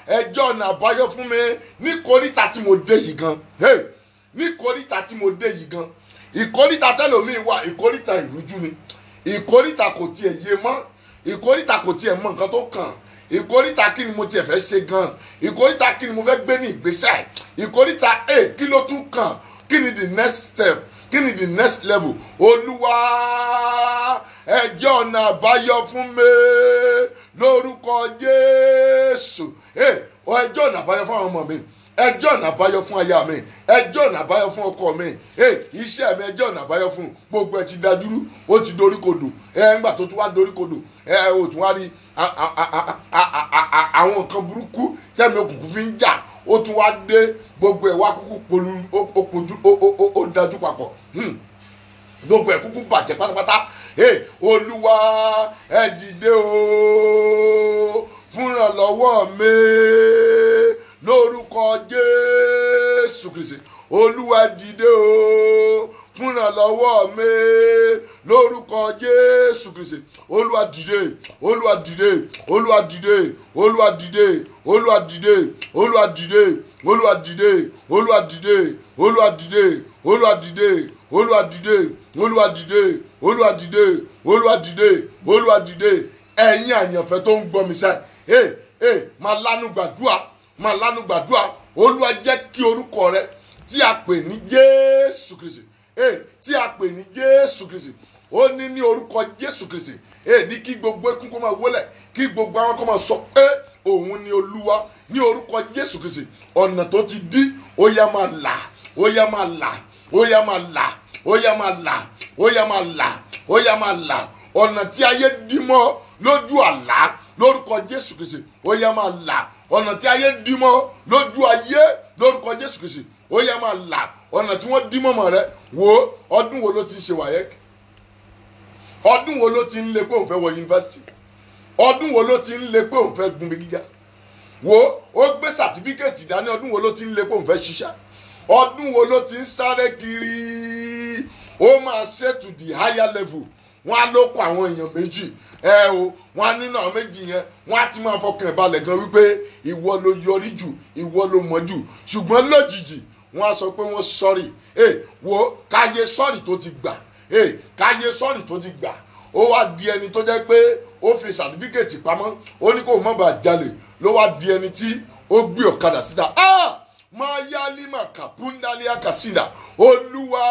ẹ jẹ́ ọ̀nà àbáyọ fún mi ní koríta tí mo dé yìí gan hey ní ìkórìtà tí mo dé yìí gan ìkórìtà tẹlòmíì wà ìkórìtà ìrújú ni ìkórìtà kò tiẹ̀ yé mọ́ ìkórìtà kò tiẹ̀ mọ nǹkan tó kàn ìkórìtà kí ni mo tiẹ̀ fẹ́ ṣe gan ìkórìtà kí ni mo fẹ́ gbé ní ìgbésẹ̀ ìkórìtà ẹ̀ kí ló tún kàn kí ni the next step kí ni the next level olúwa ẹ jẹ́ ọ̀nà àbáyọ fún mi lórúkọ jésù ẹ jẹ́ ọ̀nà àbáyọ fún àwọn ọmọ mi ẹjọ́ ọ̀nà àbáyọ fún aya mi ẹjọ́ ọ̀nà àbáyọ fún ọkọ mi iṣẹ́ mi ẹjọ́ ọ̀nà àbáyọ fún gbogbo ẹ̀ ti dajúrú ó ti dorí kodò ẹ̀ǹgbà tó tún wá dorí kodò ẹ̀ ò tún wá rí àwọn nǹkan burúkú tẹ́mi òkùnkùn fi ń jà ó tún wá dé gbogbo ẹ̀ wá kúkú polú ó dájú papọ̀ hmm. gbogbo ẹ̀ kúkú bàjẹ́ pátápátá olúwa ẹ dìde o fúnra lọ́wọ́ mi lórúkọ jésù kristi olúwa dìde o fúnra lọ́wọ́ mi lórúkọ jésù kristi olúwa dìde olúwa dìde olúwa dìde olúwa dìde olúwa dìde olúwa dìde olúwa dìde olúwa dìde olúwa dìde olúwa dìde olúwa dìde olúwa dìde olúwa dìde olúwa dìde olúwa dìde ẹ̀yin àyànfẹ́ tó ń gbọ́ mi sáyé ẹ ẹ máa lánú gbàdúrà máa lánú gbàdúrà olúwa jẹ́ kí orúkọ rẹ tí a pè ní jésù kristi ee tí a pè ní jésù kristi ó ní ní orúkọ jésù kristi ee ní kí gbogbo ẹkún kó máa wólẹ̀ kí gbogbo àwọn kó máa sọ pé òun ni olúwa ní orúkọ jésù kristi ọ̀nà tó ti dí ó yá máa là ó yá máa là ó yá máa là ó yá máa là ó yá máa là ó yá máa là ọ̀nà tí ayé dí mọ́ lójú àlá lórúkọ jésù kristi ó yá máa là ọ̀nà tí ayé dímọ́ lójú ayé lórúkọ jésù kìsì ó yẹ máa là ọ̀nà tí wọ́n dímọ́ mọ̀ rẹ wo ọdún wo ló ti ṣe wàyẹ́k ọdún wo ló ti ń lé pé òun fẹ́ wọ yunifásitì ọdún wo ló ti ń lé pé òun fẹ́ gùnmi gíga wo ó gbé sàtífíkẹ́ẹ̀tì dání ọdún wo ló ti ń lé pé òun fẹ́ ṣiṣẹ́ ọdún wo ló ti ń sáré kiri ó máa ṣètù di higher level wọ́n á lóko àwọn èèyàn méjì ẹ o wọ́n á nínú àwọn méjì yẹn wọ́n á ti máa fọkàn ìbalẹ̀ gan wípé ìwọ ló yọrí jù ìwọ ló mọ̀ jù ṣùgbọ́n lójijì wọ́n á sọ pé wọ́n sọ́ọ̀rì ẹ wo káyé sọ́ọ̀rì tó ti gbà ẹ káyé sọ́ọ̀rì tó ti gbà ó wá di ẹni tó jẹ́ pé ó fi sàtífíkètì pamọ́ ó ní kó má bàa jalè ló wá di ẹni tí ó gbé ọ̀kadà síta ah máa yálí màkà púndálí àkàsílà olúwa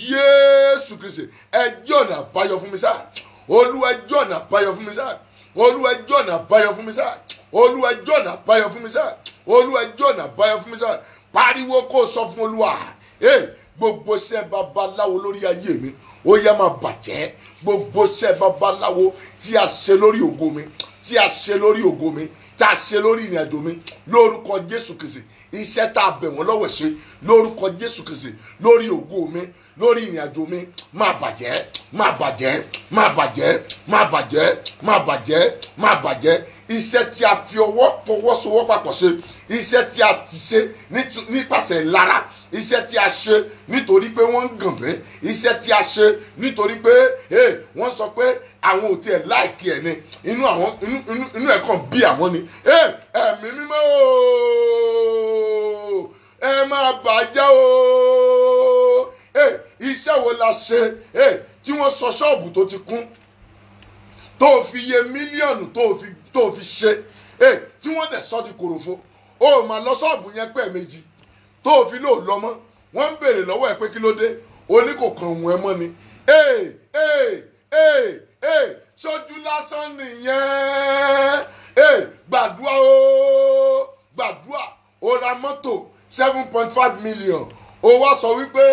yéésù kristi ẹjọ́ ọ̀nà àbáyọ fún mi sá olúwa ẹjọ́ ọ̀nà àbáyọ fún mi sá olúwa ẹjọ́ ọ̀nà àbáyọ fún mi sá olúwa ẹjọ́ ọ̀nà àbáyọ fún mi sá olúwa ọ̀nà àbáyọ fún mi sá pariwo kó sọ fún olúwa gbogbo iṣẹ́ babaláwo lórí ayé mi ó yá máa bàjẹ́ gbogbo iṣẹ́ babaláwo tí a ṣe lórí ògo mi tí a ṣe lórí ògo mi tá a ṣe lórí ìrìnàjò mi lórúkọ jésù kìsì iṣẹ́ tá a bẹ̀ wọ́n lọ́wọ́ ṣe lórúkọ jésù kìsì lórí ògo mi lórí ìrìn àjò mi máa bàjẹ́ máa bàjẹ́ máa bàjẹ́ máa bàjẹ́ máa bàjẹ́ máa bàjẹ́ iṣẹ́ tí a fi ọwọ́ fọwọ́sowọ́papọ̀ ṣe iṣẹ́ tí a ti ṣe nípasẹ̀ ìlara iṣẹ́ tí a ṣe nítorí pé wọ́n ń gàn mí iṣẹ́ tí a ṣe nítorí pé wọ́n sọ pé àwọn ò tiẹ̀ láìkí ẹ̀ ni inú àwọn inú ẹ̀ kàn bí àwọn ni ẹ̀mí mímọ́ ooo ẹ máa bàjẹ́ o iṣẹ́ wo la ṣe tí wọ́n sọ ṣọ́ọ̀bù tó ti kún tó fi yẹ mílíọ̀nù tó fi ṣe tí wọ́n dẹ̀ sọ di kòròfo o mà lọ ṣọ́ọ̀bù yẹn pẹ́ méjì tó fi lóò lọ mọ́ wọ́n ń béèrè lọ́wọ́ ẹ pé kí ló dé o ní kò kàn wọ́n ẹ mọ́ ni ṣojú lásán nìyẹn gbàdúrà o gbàdúrà o ra mọ́tò seven point five million ó wá sọ wípé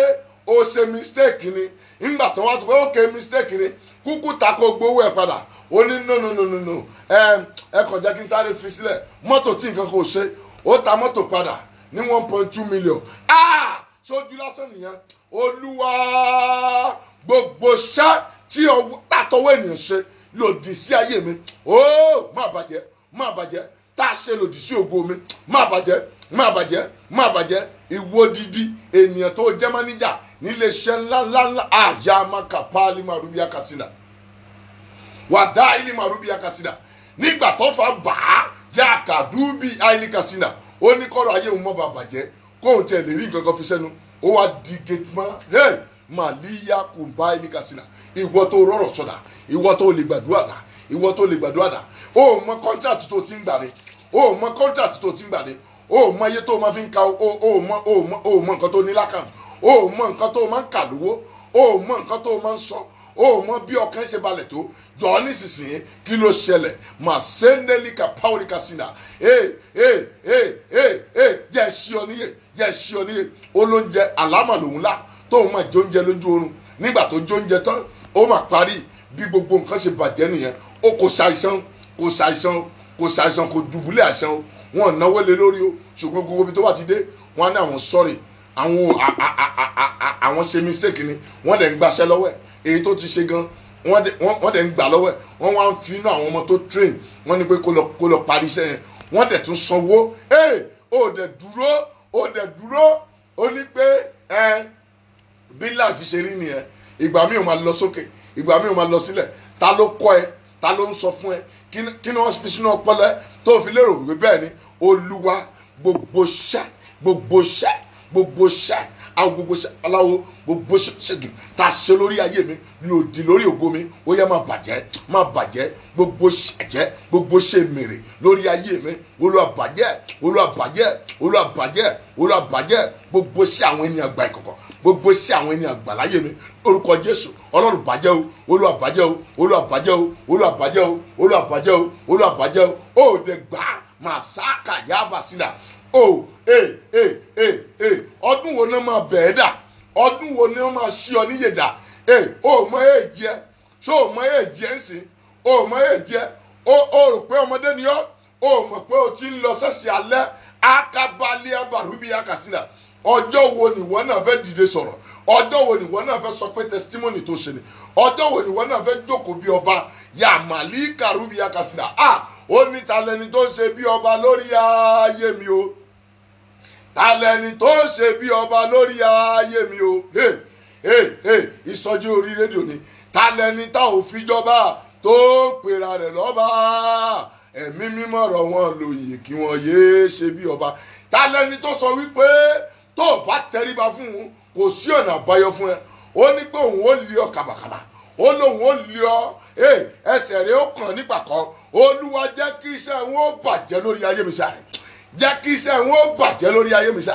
ó ṣe mistake ni nígbà tó wá sọ pé ó mistake ni kúkú tako kó gbowó ẹ̀ padà ó ní no no no no no ẹ ẹ kàn jẹ́ kí n sáré fi sílẹ̀ mọ́tò tí nǹkan kò ṣe ó ta mọ́tò padà ní one point two million ah sójú lásán nìyẹn olúwa gbogbo ṣẹ́ tí tàtọ́wọ́ ènìyàn ṣe lòdì sí ayé mi ooo má bàjẹ́ má bàjẹ́ tá a ṣe lòdì sí ògo mi má bàjẹ́ má bàjẹ́ má bàjẹ́ ìwọ didi ènìyàn tó jẹ́ máníjà níléeṣẹ́ ńláńlá àyà amákàpáálí màrúbíà kàsínà wàdá ilé màrúbíà kàsínà nígbà tó fa bàá yá kàdúbí àìlí kàsínà ó ní kọ́rọ̀ ayé òun má bàa bàjẹ́ kóun tẹ̀ lè rí nǹkan kan fi sẹ́nu ó wá di gẹ̀tìmá hey màlíyà kò bá àìlí kàsínà ìwọ tó rọrọ̀ sọ̀dà ìwọ tó lè gbàdúrà dà ìwọ tó lè gbàdúrà dà ó mọ kọ́ńtàtì tó ti ń gbà rẹ̀ ó mọ kọ́ńtàtì tó ti ń gbà rẹ̀ o ò mọ iye tó o máa fi ń ka o ò mọ o ò mọ o ò mọ nǹkan tó ní lákàn o ò mọ nǹkan tó o máa ń kà lówó o ò mọ nǹkan tó o máa ń sọ o ò mọ bí ọkàn ṣe balẹ̀ tó jọ̀ọ́ nísinsìnyí kí ló ṣẹlẹ̀ mà sẹ́ńdẹ́lì ka pàwọ́lì ka sínà ee ee ee ee ee jẹ́ ẹ̀ṣí ọ jẹ́ ẹ̀ṣí ọ olóúnjẹ àlámà lòun lá tó o máa jóúnjẹ lójú oorun nígbà tó jóúnjẹ tán ó máa parí bí gbogbo nǹkan ṣe bàjẹ́ nìyẹn o kò ṣàìsàn kò ṣàìsàn kò ṣàìsàn kò dùbúlẹ̀ àìsàn o wọn ò náwó lé lórí o ṣùgbọ́n gbogbo ibi tó bá ti dé wọn á ní àwọn sọ́ọ̀rì àwọn àwọn ṣe mistake ni wọ́n dẹ̀ ń gbaṣẹ́ lọ́wọ́ ẹ̀ èyí tó ti ṣe gan wọ́n dẹ̀ ń gbà lọ́wọ́ ẹ̀ wọ́n wá ń finú àwọn ọmọ tó train wọ́n ní pé kó lọ kó lọ parí iṣẹ́ yẹn wọ́n dẹ̀ tún sanwó ee ó dẹ̀ dúró ó dẹ̀ dúró ó ní pé ẹ bí láàfin ṣe rí nìyẹn ìgbà míì ó máa lọ sókè ìgbà míì ó máa lọ sílẹ̀ ta ló kọ́ ẹ ta ló ń sọ fún ẹ kí ni wọ́n fi sínú ọpọlọ ẹ tó fi lérò wípé bẹ́ẹ̀ ni olúwa gbogbo ṣẹ́ gbogbo ṣẹ́ gbogbo ṣẹ́ àwọn gbogbo ṣẹ́ aláwo gbogbo ṣẹ́gi tá ta ṣe lórí ayé mi lòdì lórí ògo mi ó yẹ máa bàjẹ́ máa bàjẹ́ gbogbo ṣẹ̀jẹ́ gbogbo ṣe mèrè lórí ayé mi Olúwa bàjẹ́ Olúwa bàjẹ́ Olúwa bàjẹ́ Olúwa bàjẹ́ gbogbo ṣẹ́ àwọn ènìyàn gba ìkọ̀kọ̀ gbogbo ṣẹ́ àwọn ènìyàn gba láyé mi orúkọ Jésù Ọlọ́run bàjẹ́ o Olúwa bàjẹ́ o Olúwa bàjẹ́ o Olúwa bàjẹ́ o Olúwa bàjẹ́ o Olúwa bàjẹ́ o ó dẹ̀ gbàá masaka yabasila o e e e e ọdún wo ni wọn máa bẹ̀ẹ́ dà ọdún wo ni wọn máa ṣí ọ níyè dà e o mọ èè jẹ ṣé o mọ èè jẹ ń sìn o mọ èè jẹ o rò pé ọmọdé ni ọ o mọ̀ pé o ti ń lọ sẹ́sì alẹ́ akabali abarubi akasila ọjọ́ wo ni wọn náà fẹ́ dìde sọ̀rọ̀ ọjọ́ wo ni wọn náà fẹ́ sọ pé testimony tó ṣe ni ọjọ́ wo ni wọn náà fẹ́ jókòó bí ọba yàmàlí karubi akasila Ah, ó ní talẹ́ni tó ń ṣe bí ọba lórí ayé mi o talẹ́ni tó ń ṣe bí ọba lórí ayé mi o ìsọjí orí rédíò ni talẹ́ni tá ò fi jọba tó ń pera rẹ̀ lọ́ba ẹ̀mí mímọ́ rọ̀ wọn lòyè kí wọ́n yéé ṣe bí ọba talẹ́ni tó sọ wípé tó o bá tẹríba fún un kò sí ọ̀nà àbáyọ fún ẹ ó ní pé òun ó lé ọ kàbàkàbà ó lóun ó lé ọ ẹsẹ̀ rẹ ó kàn nígbà kan olúwa jẹ́ kí iṣẹ́ wọn ó bàjẹ́ lórí ayé mi sá jẹ́ kí iṣẹ́ wọn ó bàjẹ́ lórí ayé mi sá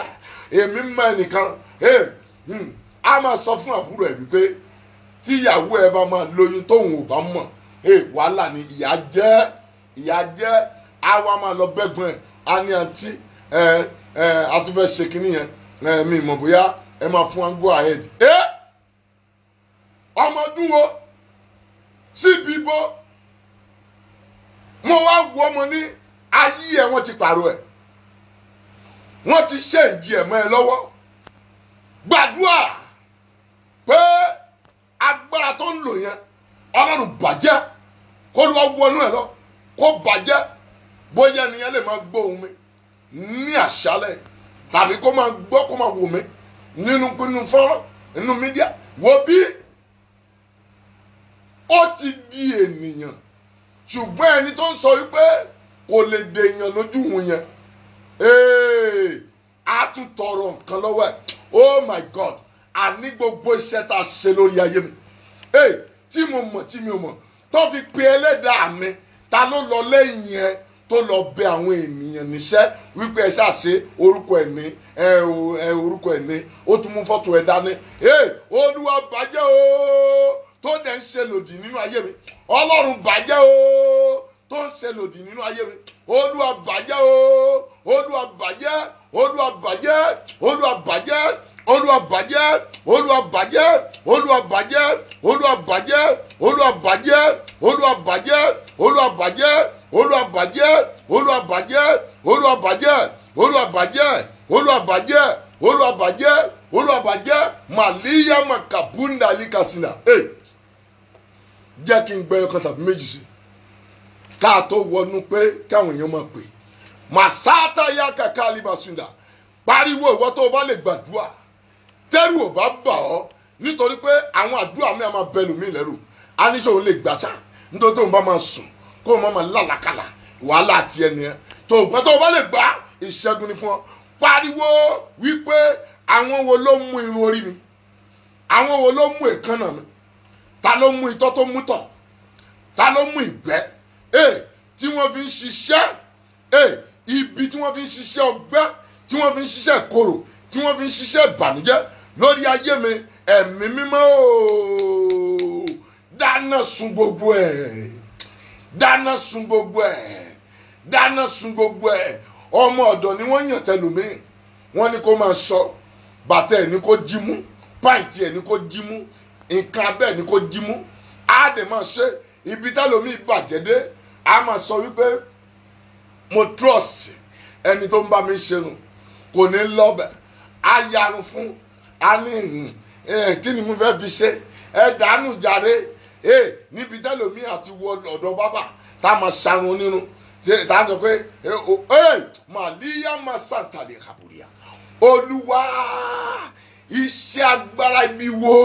èmi mọ ẹnìkan eh, hmm, a máa sọ fún àbúrò ẹ wípé tíyàwó ẹ bá máa lóyún tóun ò bá mọ̀ eh, wàhálà ni ìyá jẹ́ ìyá jẹ́ àwa máa lọ bẹ́gbọ̀n ẹ̀ a ní àǹtí ẹ ẹ àtúfẹ́ ṣe kínní yẹn mi mọ̀ bóyá ẹ máa fún wa go ahead. Eh! ọmọdún wo síbi bó mo wá wo ọmọ ní ayé ẹ wọ́n ti pààrọ̀ ẹ̀ wọ́n ti ṣe ìjì ẹ̀ mọ́ ẹ lọ́wọ́ gbàdúrà pé agbára tó ń lò yẹn ọlọ́run bàjẹ́ kó lọ́ wọnú ẹ̀ lọ kó bàjẹ́ bóyá ẹnìyẹn lè máa gbóhùn mi ní àṣálẹ̀ tàbí kó máa gbọ́ kó máa wò mí nínú pinnu fọ́nrán nínú mídíà wo bí ó ti di ènìyàn ṣùgbọ́n ẹni tó ń sọ wípé kò lè dèèyàn lójú wọn yẹn a tún tọrọ nǹkan lọ́wọ́ ẹ̀ oh my god àní gbogbo iṣẹ́ tá a ṣe lórí ayé mi tí mo mọ̀ tí mi ò mọ̀ tó fi pe ẹlẹ́dàá mi ta ló lọ lẹ́yìn ẹ̀ tó lọ bẹ àwọn ènìyàn níṣẹ́ wípé ẹ ṣàṣe orúkọ ẹ̀ ní ẹ orúkọ ẹ̀ ní ó tún mú fọ́tò ẹ̀ dání olúwa bàjẹ́ ooo tó dẹ̀ ń ṣe lòdì nínú ayé mi ọlọ́run bàjẹ́ ooo tó ń ṣe lòdì nínú ayé mi olúwa bàjẹ́ ooo olúwa bàjẹ́ olúwa bàjẹ́ olúwa bàjẹ́ olúwa bàjẹ́ olúwa bàjẹ́ olúwa bàjẹ́ olúwa bàjẹ́ olúwa bàjẹ́ olúwa bàjẹ́ olúwa bàjẹ́ olúwa bàjẹ́ olúwa bàjẹ́ olúwa bàjẹ́ olúwa bàjẹ́ olúwa bàjẹ́ olúwa bàjẹ́ olúwa bàjẹ́ màlíyàmà kàbúndàlí kàsínà. Hey jẹ́ kí n gbẹ ọkàn tàbí méjì sí ká tó wọnú pé káwọn èèyàn máa pè màsáàtà yá kàkà alibasunda pariwo ìwọ tó o bá lè gbàdúrà tẹ́rù ò bá bà ọ́ nítorí pé àwọn àdúrà mi àmà bẹnu mi lẹ́rù aníṣe òun lè gbàṣà nítorí tó ń bá máa sùn kó o má máa lálàkàlà wàhálà àti ẹni ẹ tó o gbọ́ tó o bá lè gbà ìṣẹ́gun ni fún ọ pariwo wípé àwọn wo ló mú irun orí mi àwọn wo ló mú èékánná mi ta ló mú itọ́ tó mú tọ̀ ta ló mú ìgbẹ́ ee eh, tí wọ́n fi ń ṣiṣẹ́ ee eh, ibi tí wọ́n fi ń ṣiṣẹ́ ọgbẹ́ tí wọ́n fi ń ṣiṣẹ́ korò tí wọ́n fi ń ṣiṣẹ́ ìbànújẹ́ lórí ayé mi ẹ̀mí mímọ́ ooo dáná sun gbogbo ẹ̀ dáná sun gbogbo ẹ̀ dáná sun gbogbo ẹ̀ ọmọ ọ̀dọ̀ ni wọ́n yàn tẹlòmíì wọ́n ní kó máa sọ bàtà ẹ̀ ní kó jí mú pàǹtì ẹ̀ ní kó jí mú nǹkan abẹ́ ni kò jí mú á dẹ̀ máa ṣe ibi tẹ́lómi bàjẹ́ dé á máa sọ wípé mo trust ẹni tó ń bá mi ṣerun kò ní lọ́bẹ̀ á yarun fún á ní hmm, kí ni mo fẹ́ fi ṣe ẹ dànù jàre níbi tẹ́lómi àti wọ ọ̀dọ̀ bábà tá a máa ṣarun onírun tá a sọ pé màlíyá máa ṣàǹtàlẹ̀ kàbùrìyà olúwa iṣẹ́ agbára ibi wo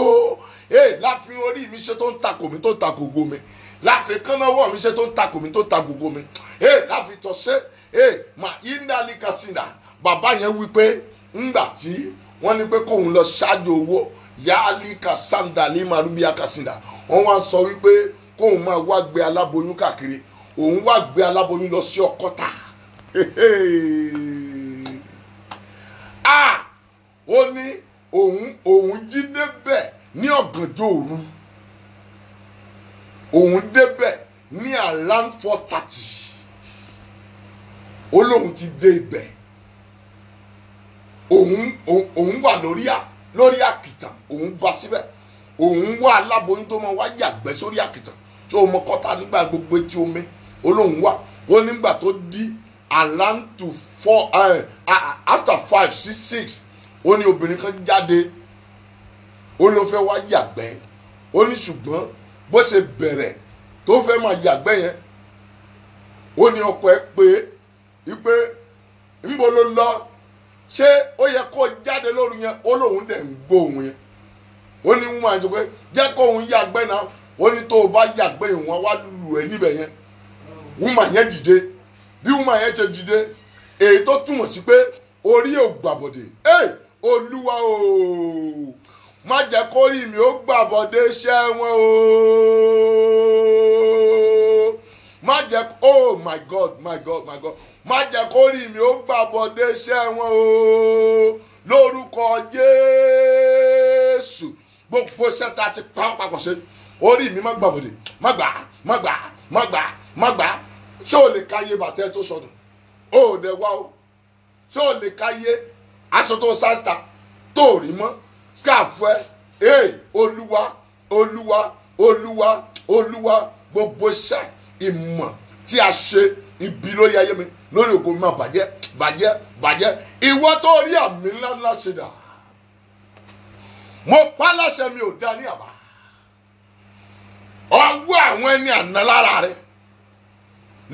ee láti fi orí mi ṣe tó ń takò mi tó ń takò ògo mi láti fi kánnáwọ́ mi ṣe tó ń takò mi tó ń takò ògo mi ee láti fi tọ́ṣẹ́ ee mà índàlí kásìndà bàbá yẹn wí pé ńgbà tí wọ́n ní pé kóun lọ ṣáájú owó yáálí kásàndà ní màrúbíà kásìndà wọ́n wá sọ wípé kóun máa wá gbé aláboyún káàkiri òun wá gbé aláboyún lọ sí ọkọ́ta ah ó ní òun òun jí débẹ̀ ní ọ̀gànjọ́ òru òun débẹ̀ ní around four thirty ó lóun ti dé ibẹ̀ òun òun wà lórí à lórí àkìtàn òun bá síbẹ̀ òun wà aláboyún tó máa wá yàgbẹ́ sórí àkìtàn tó o mọ kọ́ta nígbà gbogbo etí omi ó wà ó nígbà tó di around to four uh, after five six six ó ní obìnrin kan jáde ó ló fẹ́ wá yàgbẹ́ ó ní ṣùgbọ́n bó ṣe bẹ̀rẹ̀ tó fẹ́ máa yàgbẹ́ yẹn ó ní ọkọ ẹ pé wípé ńbo ló lọ ṣé ó yẹ kó jáde lóru yẹn ó lóun dẹ̀ ń gbóhùn yẹn ó ní wọn àti pé jẹ́ kó òun yàgbẹ́ náà ó ní tó o bá yàgbẹ́ yẹn wọn wá lù ẹ́ níbẹ̀ yẹn wúmà yẹn dìde bí wúmà yẹn ṣe dìde èyí tó túmọ̀ sí pé orí ò gbàbọ̀dè ẹ olúwa ooo má jẹ́ kó rí mi ó gbàbọ̀dé iṣẹ́ wọn o má jẹ́ oh my god my god my god má jẹ́ kó rí mi ó gbàbọ̀dé iṣẹ́ wọn o lórúkọ Jésù gbogbo sẹta ti pàápàá ṣe orí mi má gbàbọ̀dé má gbà má gbà má gbà má gbà ṣé o lè káyé bàtẹ tó sọnù o ò dẹ̀ wá o ṣé o lè káyé aṣọ tó sáà síta tó rí mọ́ scarf ẹ ee olúwa olúwa olúwa olúwa gbogbo iṣẹ́ ìmọ̀ tí a ṣe ibi lórí ayé mi lórí ògo mi máa bàjẹ́ bàjẹ́ bàjẹ́ ìwọ tó rí àmì ńlá ńlá ṣe dà mo pa láṣẹ mi ò dá ní àbá ọwọ́ àwọn ẹni àná lára rẹ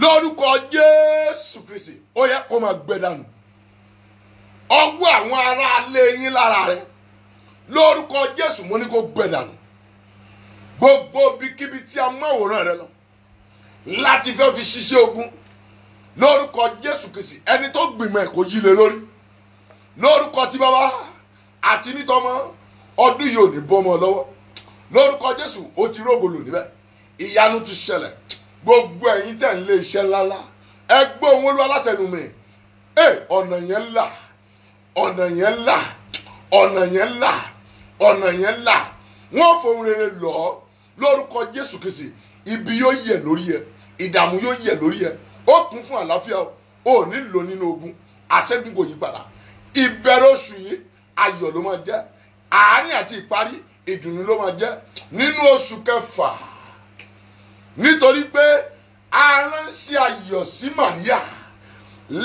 lórúkọ Jésù Kristi ó yẹ kó máa gbẹ dànù ọwọ́ àwọn ará alé yín lára rẹ lórúkọ jésù mo ní kó gbẹ dànù gbogbo ibikíbi tí a mọ àwòrán rẹ lọ láti fẹ́ fi ṣiṣẹ́ ogun lórúkọ jésù kìsì ẹni tó gbìmọ̀ ẹ̀ kò yí lé lórí lórúkọ tí bàbá àti nítọmọ ọdún yìí ò ní bọ́ ọmọ lọ́wọ́ lórúkọ jésù ó ti rógolò níbẹ̀ ìyanu ti ṣẹlẹ̀ gbogbo ẹ̀yin tẹ̀ ń lé iṣẹ́ ńláńlá ẹ gbọ́ òun olú alátẹnu mi ẹ ọ̀nà yẹn là ọ̀nà yẹn là ọ̀nà yẹn là ọ̀nà yẹn là wọ́n fohùn rere lọ lórúkọ jésù kìsì ibi yóò yẹ lórí ẹ ìdààmú yóò yẹ lórí ẹ ó kún fún àlàáfíà o ò ní lò nínú ogun àṣẹ́gun kò yí padà ìbẹ̀rẹ̀ oṣù yìí ayọ̀ ló máa jẹ́ àárín àti ìparí ìdùnnú ló máa jẹ́ nínú oṣù kẹfà nítorí pé aránṣẹ́ ayọ̀ sí Màríà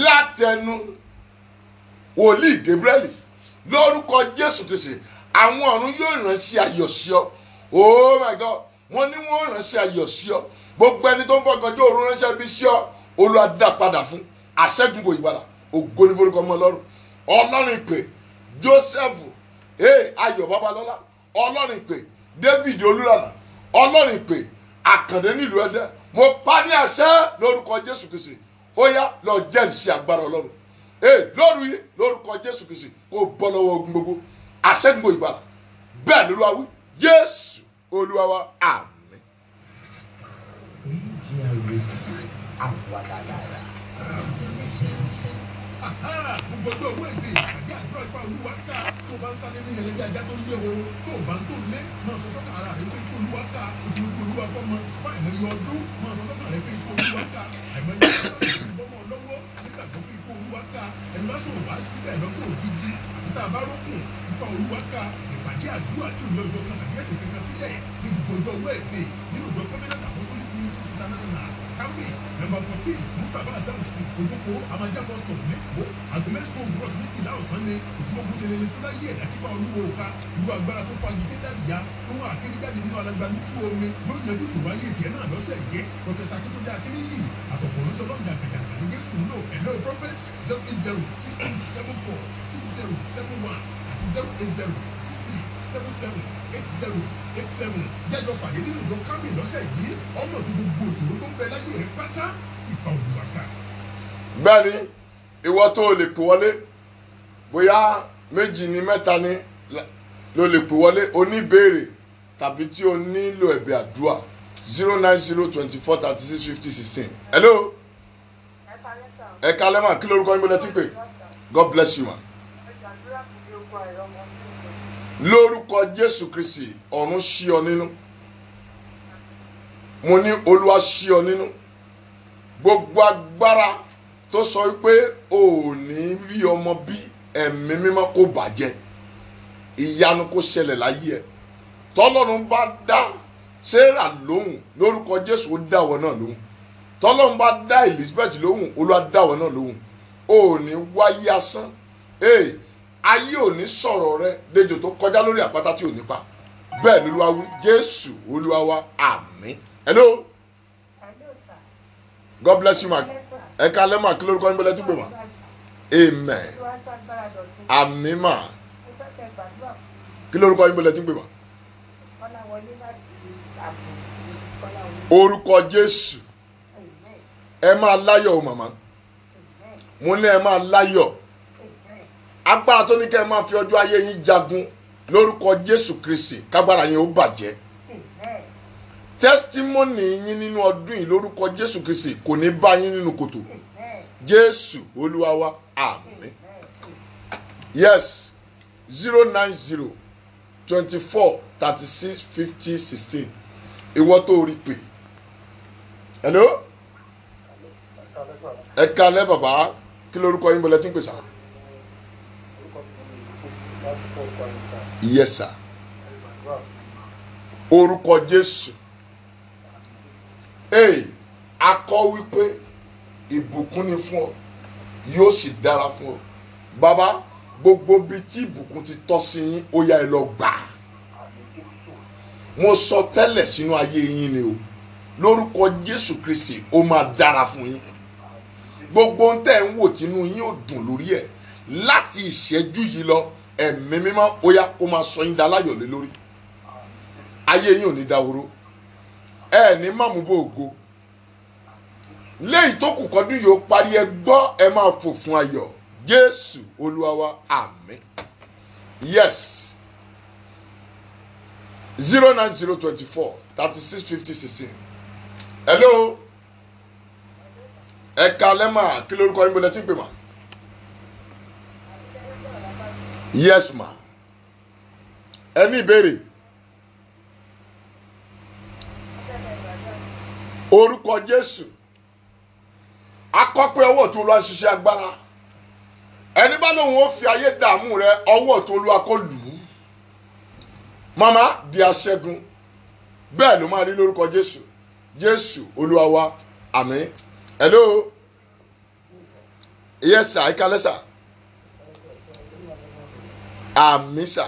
látẹnu wòlíì Gabriel lórúkọ Jésù Kristi àwọn ọ̀run yóò ránṣẹ́ ayọ̀ sí ọ oh my god wọ́n ní wọ́n ránṣẹ́ ayọ̀ sí ọ gbogbo ẹni tó ń fọkànjọ́ òru ránṣẹ́ bí sí ọ Olúwa dá padà fún àṣẹ́gun kò yípadà ògo ní forúkọ ọmọ ọlọ́run ọlọ́run ìpè Joseph ayọ̀ babalọ́lá ọlọ́run ìpè David olúlànà ọlọ́run ìpè àkàndé nílùú ẹ̀dẹ́ mo pa ní àṣẹ lórúkọ Jésù Kristi ó yá lọ jẹ́rìí sí agbára ọlọ́run lóru lórúkọ Jésù Kristi kó bọ́ lọ́wọ́ ogun gbogbo àṣẹ́gun ìgbàlà bẹ́ẹ̀ ló lọ́wọ́ wí Jésù Olúwa wa àmín. gbogbo owó èdè àti àdúrà ipa olúwa ká tó bá ń sáré ní ẹlẹ́gbẹ́ ajá tó ń lé wọn tó bá ń tó lé máa sọ sọ́kà ara rẹ̀ pé ipò olúwa ká òtún ipò olúwa kọ́ mọ ọdún máa sọ sọ́kà rẹ̀ pé ipò olúwa ká àìmọye ọdún ti bọ́ lọ́wọ́ nígbàgbọ́ pé ipò olúwa ká ẹ̀mí lásòwò wá síbẹ̀ lọ́gbọ̀n ògidì àti tá a bá rókùn nípa olúwaka ìpàdé àdúrà tí ìlú ọjọ́ kan tàbí ẹ̀sìn kankan sílẹ̀ ní gbogbo ọjọ́ wednesday nínú ìjọ kọ́mínàtà apostolic ministries international kambi nọ́mbà fourteen mustapha hasan street ojoko amaja bus stop lẹ́kọ̀ọ́ agbẹ́mẹ́sọ̀ òwúrọ̀ sí méjìlá ọ̀sán ni òsínbọ̀kú ṣe lele tó láyé ẹ̀dá tí máa olúwo ká ìlú agbára tó fagi dédàdìyà tó wọn àkéré jáde nínú alagba nípò omi yóò yanjú sùn wáyé tiẹ̀ náà lọ́sẹ̀ yẹ pọ̀tẹ́tà kí tó dé akéré yìí àtọ̀pọ̀ ránṣẹ́ ọlọ́jà kàkàkà ló gé sùn náà ẹ̀lọ́ prophet zero eight zero six two seven four six zero seven one zero eight zero six three seven seven eight zero eight seven jẹ́jọ́ pàdé nínú ìjọ kámi lọ́sẹ̀ yìí ọmọ mi gbogbo òṣèlú tó ń bẹ láyé rẹ pátá ìpa olùwàkà. bẹ́ẹ̀ni ìwọ tó o lè pè wọlé bóyá méjì ni mẹ́ta ni ló lè pè wọlé oníbèrè tàbí tí o nílò ẹ̀bẹ̀ àdúrà zero nine zero twenty four thirty six fifty sixteen. hello ẹ̀ka lẹ́mà kí lórúkọ yín bọ́lá tí pé god bless you ma lórúkọ jésù kristi ọ̀run ṣí ọ nínú mo ní olúwa ṣí ọ nínú gbogbo agbára tó sọ wípé o ò ní rí ọmọ bí ẹ̀mí mímọ́ kó bàjẹ́ ìyanu kó ṣẹlẹ̀ láyé ẹ̀ tọ́lọ́run bá dá sarah lóhùn lórúkọ jésù ó dá wọn náà lóhùn tọ́lọ́run bá dá elizabeth lóhùn olúwa dá wọn náà lóhùn o wáyé asán. Hey, ayé ò ní sọ̀rọ̀ rẹ lejò tó kọjá lórí àpáta tí ò ní pa bẹ́ẹ̀ ni olúwa wí jésù olúwa wa hello god bless you ma ẹ ká lẹ́mọ̀ àkílẹ̀ orúkọ níbo lẹ́tí gbè mà amen àmín mà kí lórúkọ yín bó lẹ́tí gbè mà orúkọ jésù ẹ máa láyọ̀ o màmá mo ní ẹ máa láyọ̀ agbára tó ní kẹ́ ẹ máa fi ọjọ́ ayé yín jagun lórúkọ Jésù Kristi kágbára yín ó bàjẹ́ tẹ́sítímọ́nì yín nínú ọdún yìí lórúkọ Jésù Kristi kò ní bá yín nínú kòtò Jésù Olúwa wa yes zero nine zero twenty four thirty six fifty sixteen ìwọ tó rí pè hello ẹ kalẹ baba kí lorúkọ yín bọlẹ tí ń pè sáà yes sir orúkọ jésù ee akọ wípé ìbùkún ni fún ọ yóò sì dára fún ọ bàbá gbogbo bíi tí ìbùkún ti tọ́ sí yín ó yá ẹ lọ gbà á mo sọ tẹ́lẹ̀ sínú ayé yín ni o lórúkọ jésù kristi ó máa dára fún yín gbogbo ń tẹ̀ ń wò tínú yín ò dùn lórí ẹ̀ láti ìṣẹ́jú yìí lọ ẹ̀mí mímọ́ ó yá kó máa sọ yín daláyọ̀ lé lórí ayé yín ò ní dahoro ẹ ní mọ̀mú bò ògo léyìí tó kù kọ́dún yìí ó parí ẹ gbọ́ ẹ máa fò fún ayọ̀ jésù olúwa wa àmín yes zero nine zero twenty four thirty six fifty sixteen hello ẹ̀ka lẹ́mà kí lórúkọ yín bọ́lẹ̀ tí ń pè máa. yes ma ẹ ní ìbéèrè orúkọ jésù akọ́pẹ́ ọwọ́ tó lọ ṣiṣẹ́ agbára ẹni bá lóun ó fi ayé dààmú rẹ ọwọ́ tó lu akọ́lù mama di aṣẹ́gun bẹ́ẹ̀ ló máa rí lórúkọ jésù jésù olúwa wa àmín hello yes sir i kalẹ sir àmì sà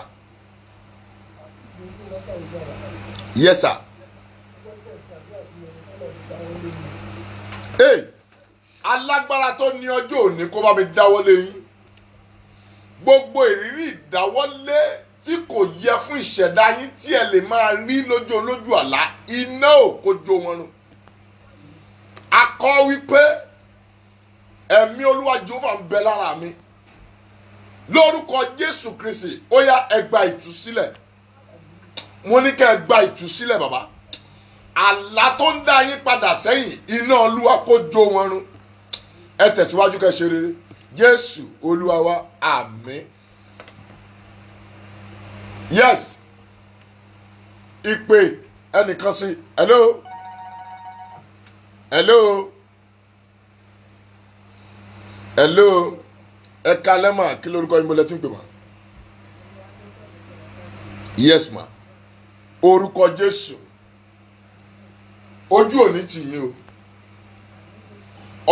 yes sà ee alágbára tó ní ọjọ́ òní kó bá mi dáwọ́lé yín gbogbo ìrírí ìdáwọ́lé tí kò yẹ fún ìṣẹ̀dá yín tí ẹ lè máa rí lójú olójú àlá iná ò kó wọn nù. a wípé ẹ̀mí olúwa jehova ń bẹ lára mi lórúkọ jésù kristi ó yá ẹ gba ìtúsílẹ̀ mo ní kẹ́ ẹ gba ìtúsílẹ̀ bàbá àlá tó ń dá yín padà sẹ́yìn iná olúwa kó jó wọn run ẹ tẹ̀síwájú kẹ́ ṣe rere jésù olúwa wa àmín yes ìpè ẹnìkan sí hello hello hello ẹ ka lẹ́mà kí lórúkọ yín bó lẹ́tí ń pè mà yes ma orúkọ jésù ojú òní tì yín o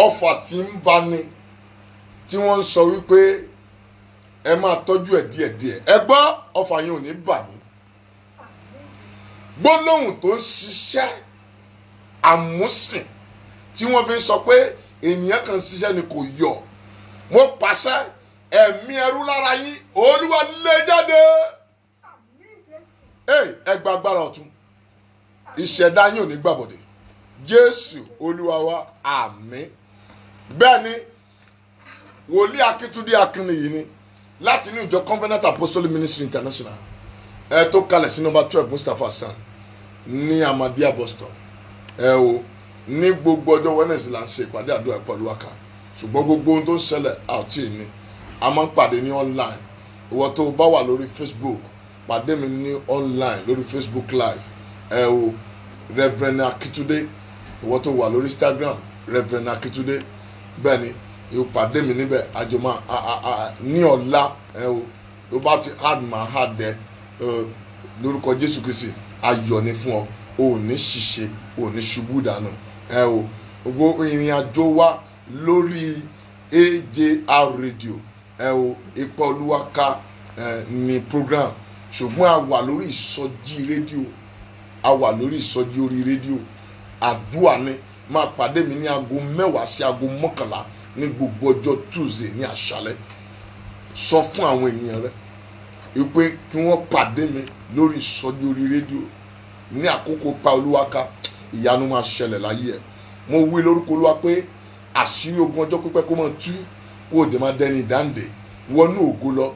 ọfà tí ń bani tí wọ́n ń sọ wípé ẹ máa tọ́jú ẹ̀ díẹ̀díẹ̀ ẹ gbọ́ ọfà yín ò ní bà yín gbólóhùn tó ń ṣiṣẹ́ àmúsìn tí wọ́n fi ń sọ pé ènìyàn kan ṣiṣẹ́ ni kò yọ mo pàṣẹ ẹ̀mí ẹrú lára yín olúwa lé jáde ẹ gba agbára ọ̀tun ìṣẹ̀dá yín ò ní gbàbọ̀dé jésù olúwa wa àmín bẹ́ẹ̀ ni wòlíì akíntúndé akínníyì ni láti inú ìjọ covenant apostolic ministry international ẹ tó kalẹ̀ sí nọ́mbà twelve mustapha san ní amadiya bus stop ẹ o ní gbogbo ọjọ́ wednesday la ń ṣe ìpàdé àdúrà pẹ̀lú àkàrà ṣùgbọ́n gbogbo ohun tó ń ṣẹlẹ̀ àti èmi a máa ń pàdé ní online ìwọ tó bá wà lórí Facebook pàdé mi ní online lórí Facebook live ẹ o Reverend Akintunde ìwọ tó wà lórí Instagram Reverend Akintunde bẹ́ẹ̀ ni yóò pàdé mi níbẹ̀ àjọmọ́ ní ọ̀la ẹ o tó bá ti hard máa hard ẹ lórúkọ Jésù Kristi ayọ̀ ni fún ọ o ò ní ṣìṣe o ò ní ṣubú dànù ẹ o gbogbo ìrìn àjò wa lórí AJR radio ẹ o ipa olúwaka ẹ ní program ṣùgbọ́n a wà lórí ìsọjí rédíò a wà lórí ìsọjí orí rédíò àdúrà ni máa pàdé mi ní aago mẹ́wàá sí aago mọ́kànlá ní gbogbo ọjọ́ Tuesday ní àṣálẹ́ sọ fún àwọn ènìyàn rẹ wípé kí wọ́n pàdé mi lórí ìsọjí orí rédíò ní àkókò pa olúwaka ìyanu máa ṣẹlẹ̀ láyé ẹ̀ mo wí lórúkọ olúwa pé àṣírí ogun ọjọ́ pípẹ́ kó máa tú kó o dè máa dẹni ìdáǹdè wọnú ògo lọ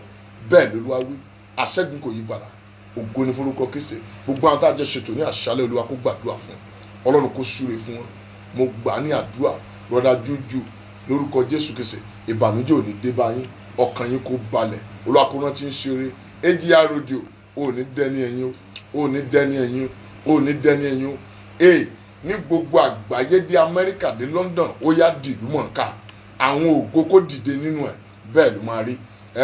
bẹ́ẹ̀ lolúwa wí àṣẹ́gun kò yí padà ògo ni forúkọ Kristi gbogbo àwọn tá a jẹ ṣètò ní àṣálẹ́ olúwa kó gbàdúrà fún ọlọ́run kó súre fún wọn mo gbà ní àdúrà rọ́dà jújù lórúkọ Jésù Kristi ìbànújẹ́ ò ní dé bá yín ọkàn yín kó balẹ̀ olúwa kó rántí ń ṣeré AGR radio ò ní dẹ́ni ẹ̀yin ò ní dẹ́ni ẹ̀yin ò ní dẹ́ni ẹ̀yin ò ní gbogbo àgbáyé dé amẹ́ríkà dé london ó yá dìlú mọ̀ọ́ká àwọn ògo kó dìde nínú ẹ̀ bẹ́ẹ̀ ló máa rí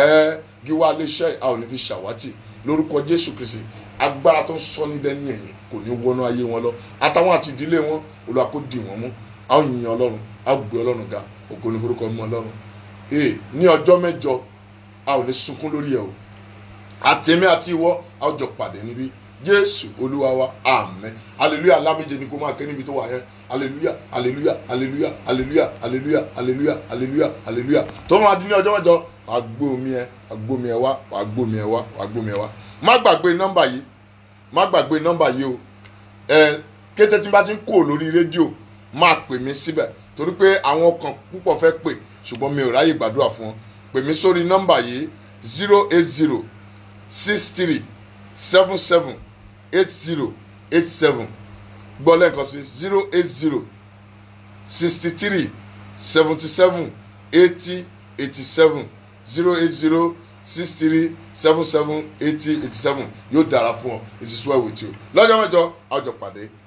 ẹ gíwá iléeṣẹ́ a ò ní fi ṣàwátì lórúkọ jésù kristi agbára tó ń sọ ní lẹ́ni ẹ̀yìn kò ní wọnú ayé wọn lọ àtàwọn àti ìdílé wọn olúwa kó dì wọ́n mú a ó yìn ọlọ́run a ó gbé ọlọ́run ga ògo ní forúkọ mímọ́ ọlọ́run ee ní ọjọ́ mẹ́jọ a ní sunkún lórí ẹ̀ o àtẹ̀mí àti ìwọ a jọ pàdé níbí jésù olúwa wa àmín hallelujah alámìjẹ ni kó máa ké níbi tó wà yẹn hallelujah hallelujah hallelujah hallelujah hallelujah hallelujah hallelujah hallelujah tó máa di ní ọjọ́ mẹ́jọ wàá gbó omi ẹ wàá gbó omi ẹ wá wàá gbó omi ẹ wá wàá gbó omi ẹ wá má gbàgbé nọ́mbà yìí má gbàgbé nọ́mbà yìí o ẹ kété tí n bá ti ń kó lórí rédíò máa pè mí síbẹ̀ torí pé àwọn kan púpọ̀ fẹ́ pè ṣùgbọ́n mi ò ráyè gbàdúrà fún wọn pè mí sórí nọ́mbà yìí zero eight zero six three seven seven eight zero eight seven gbọ́ lẹ́ẹ̀kan sí zero eight zero sixty three seventy seven eighty eighty seven zero eight zero six three seven seven eighty eighty seven yóò dára fún ọ it is well with you lọ́jọ́ mẹ́jọ àjọ pàdé.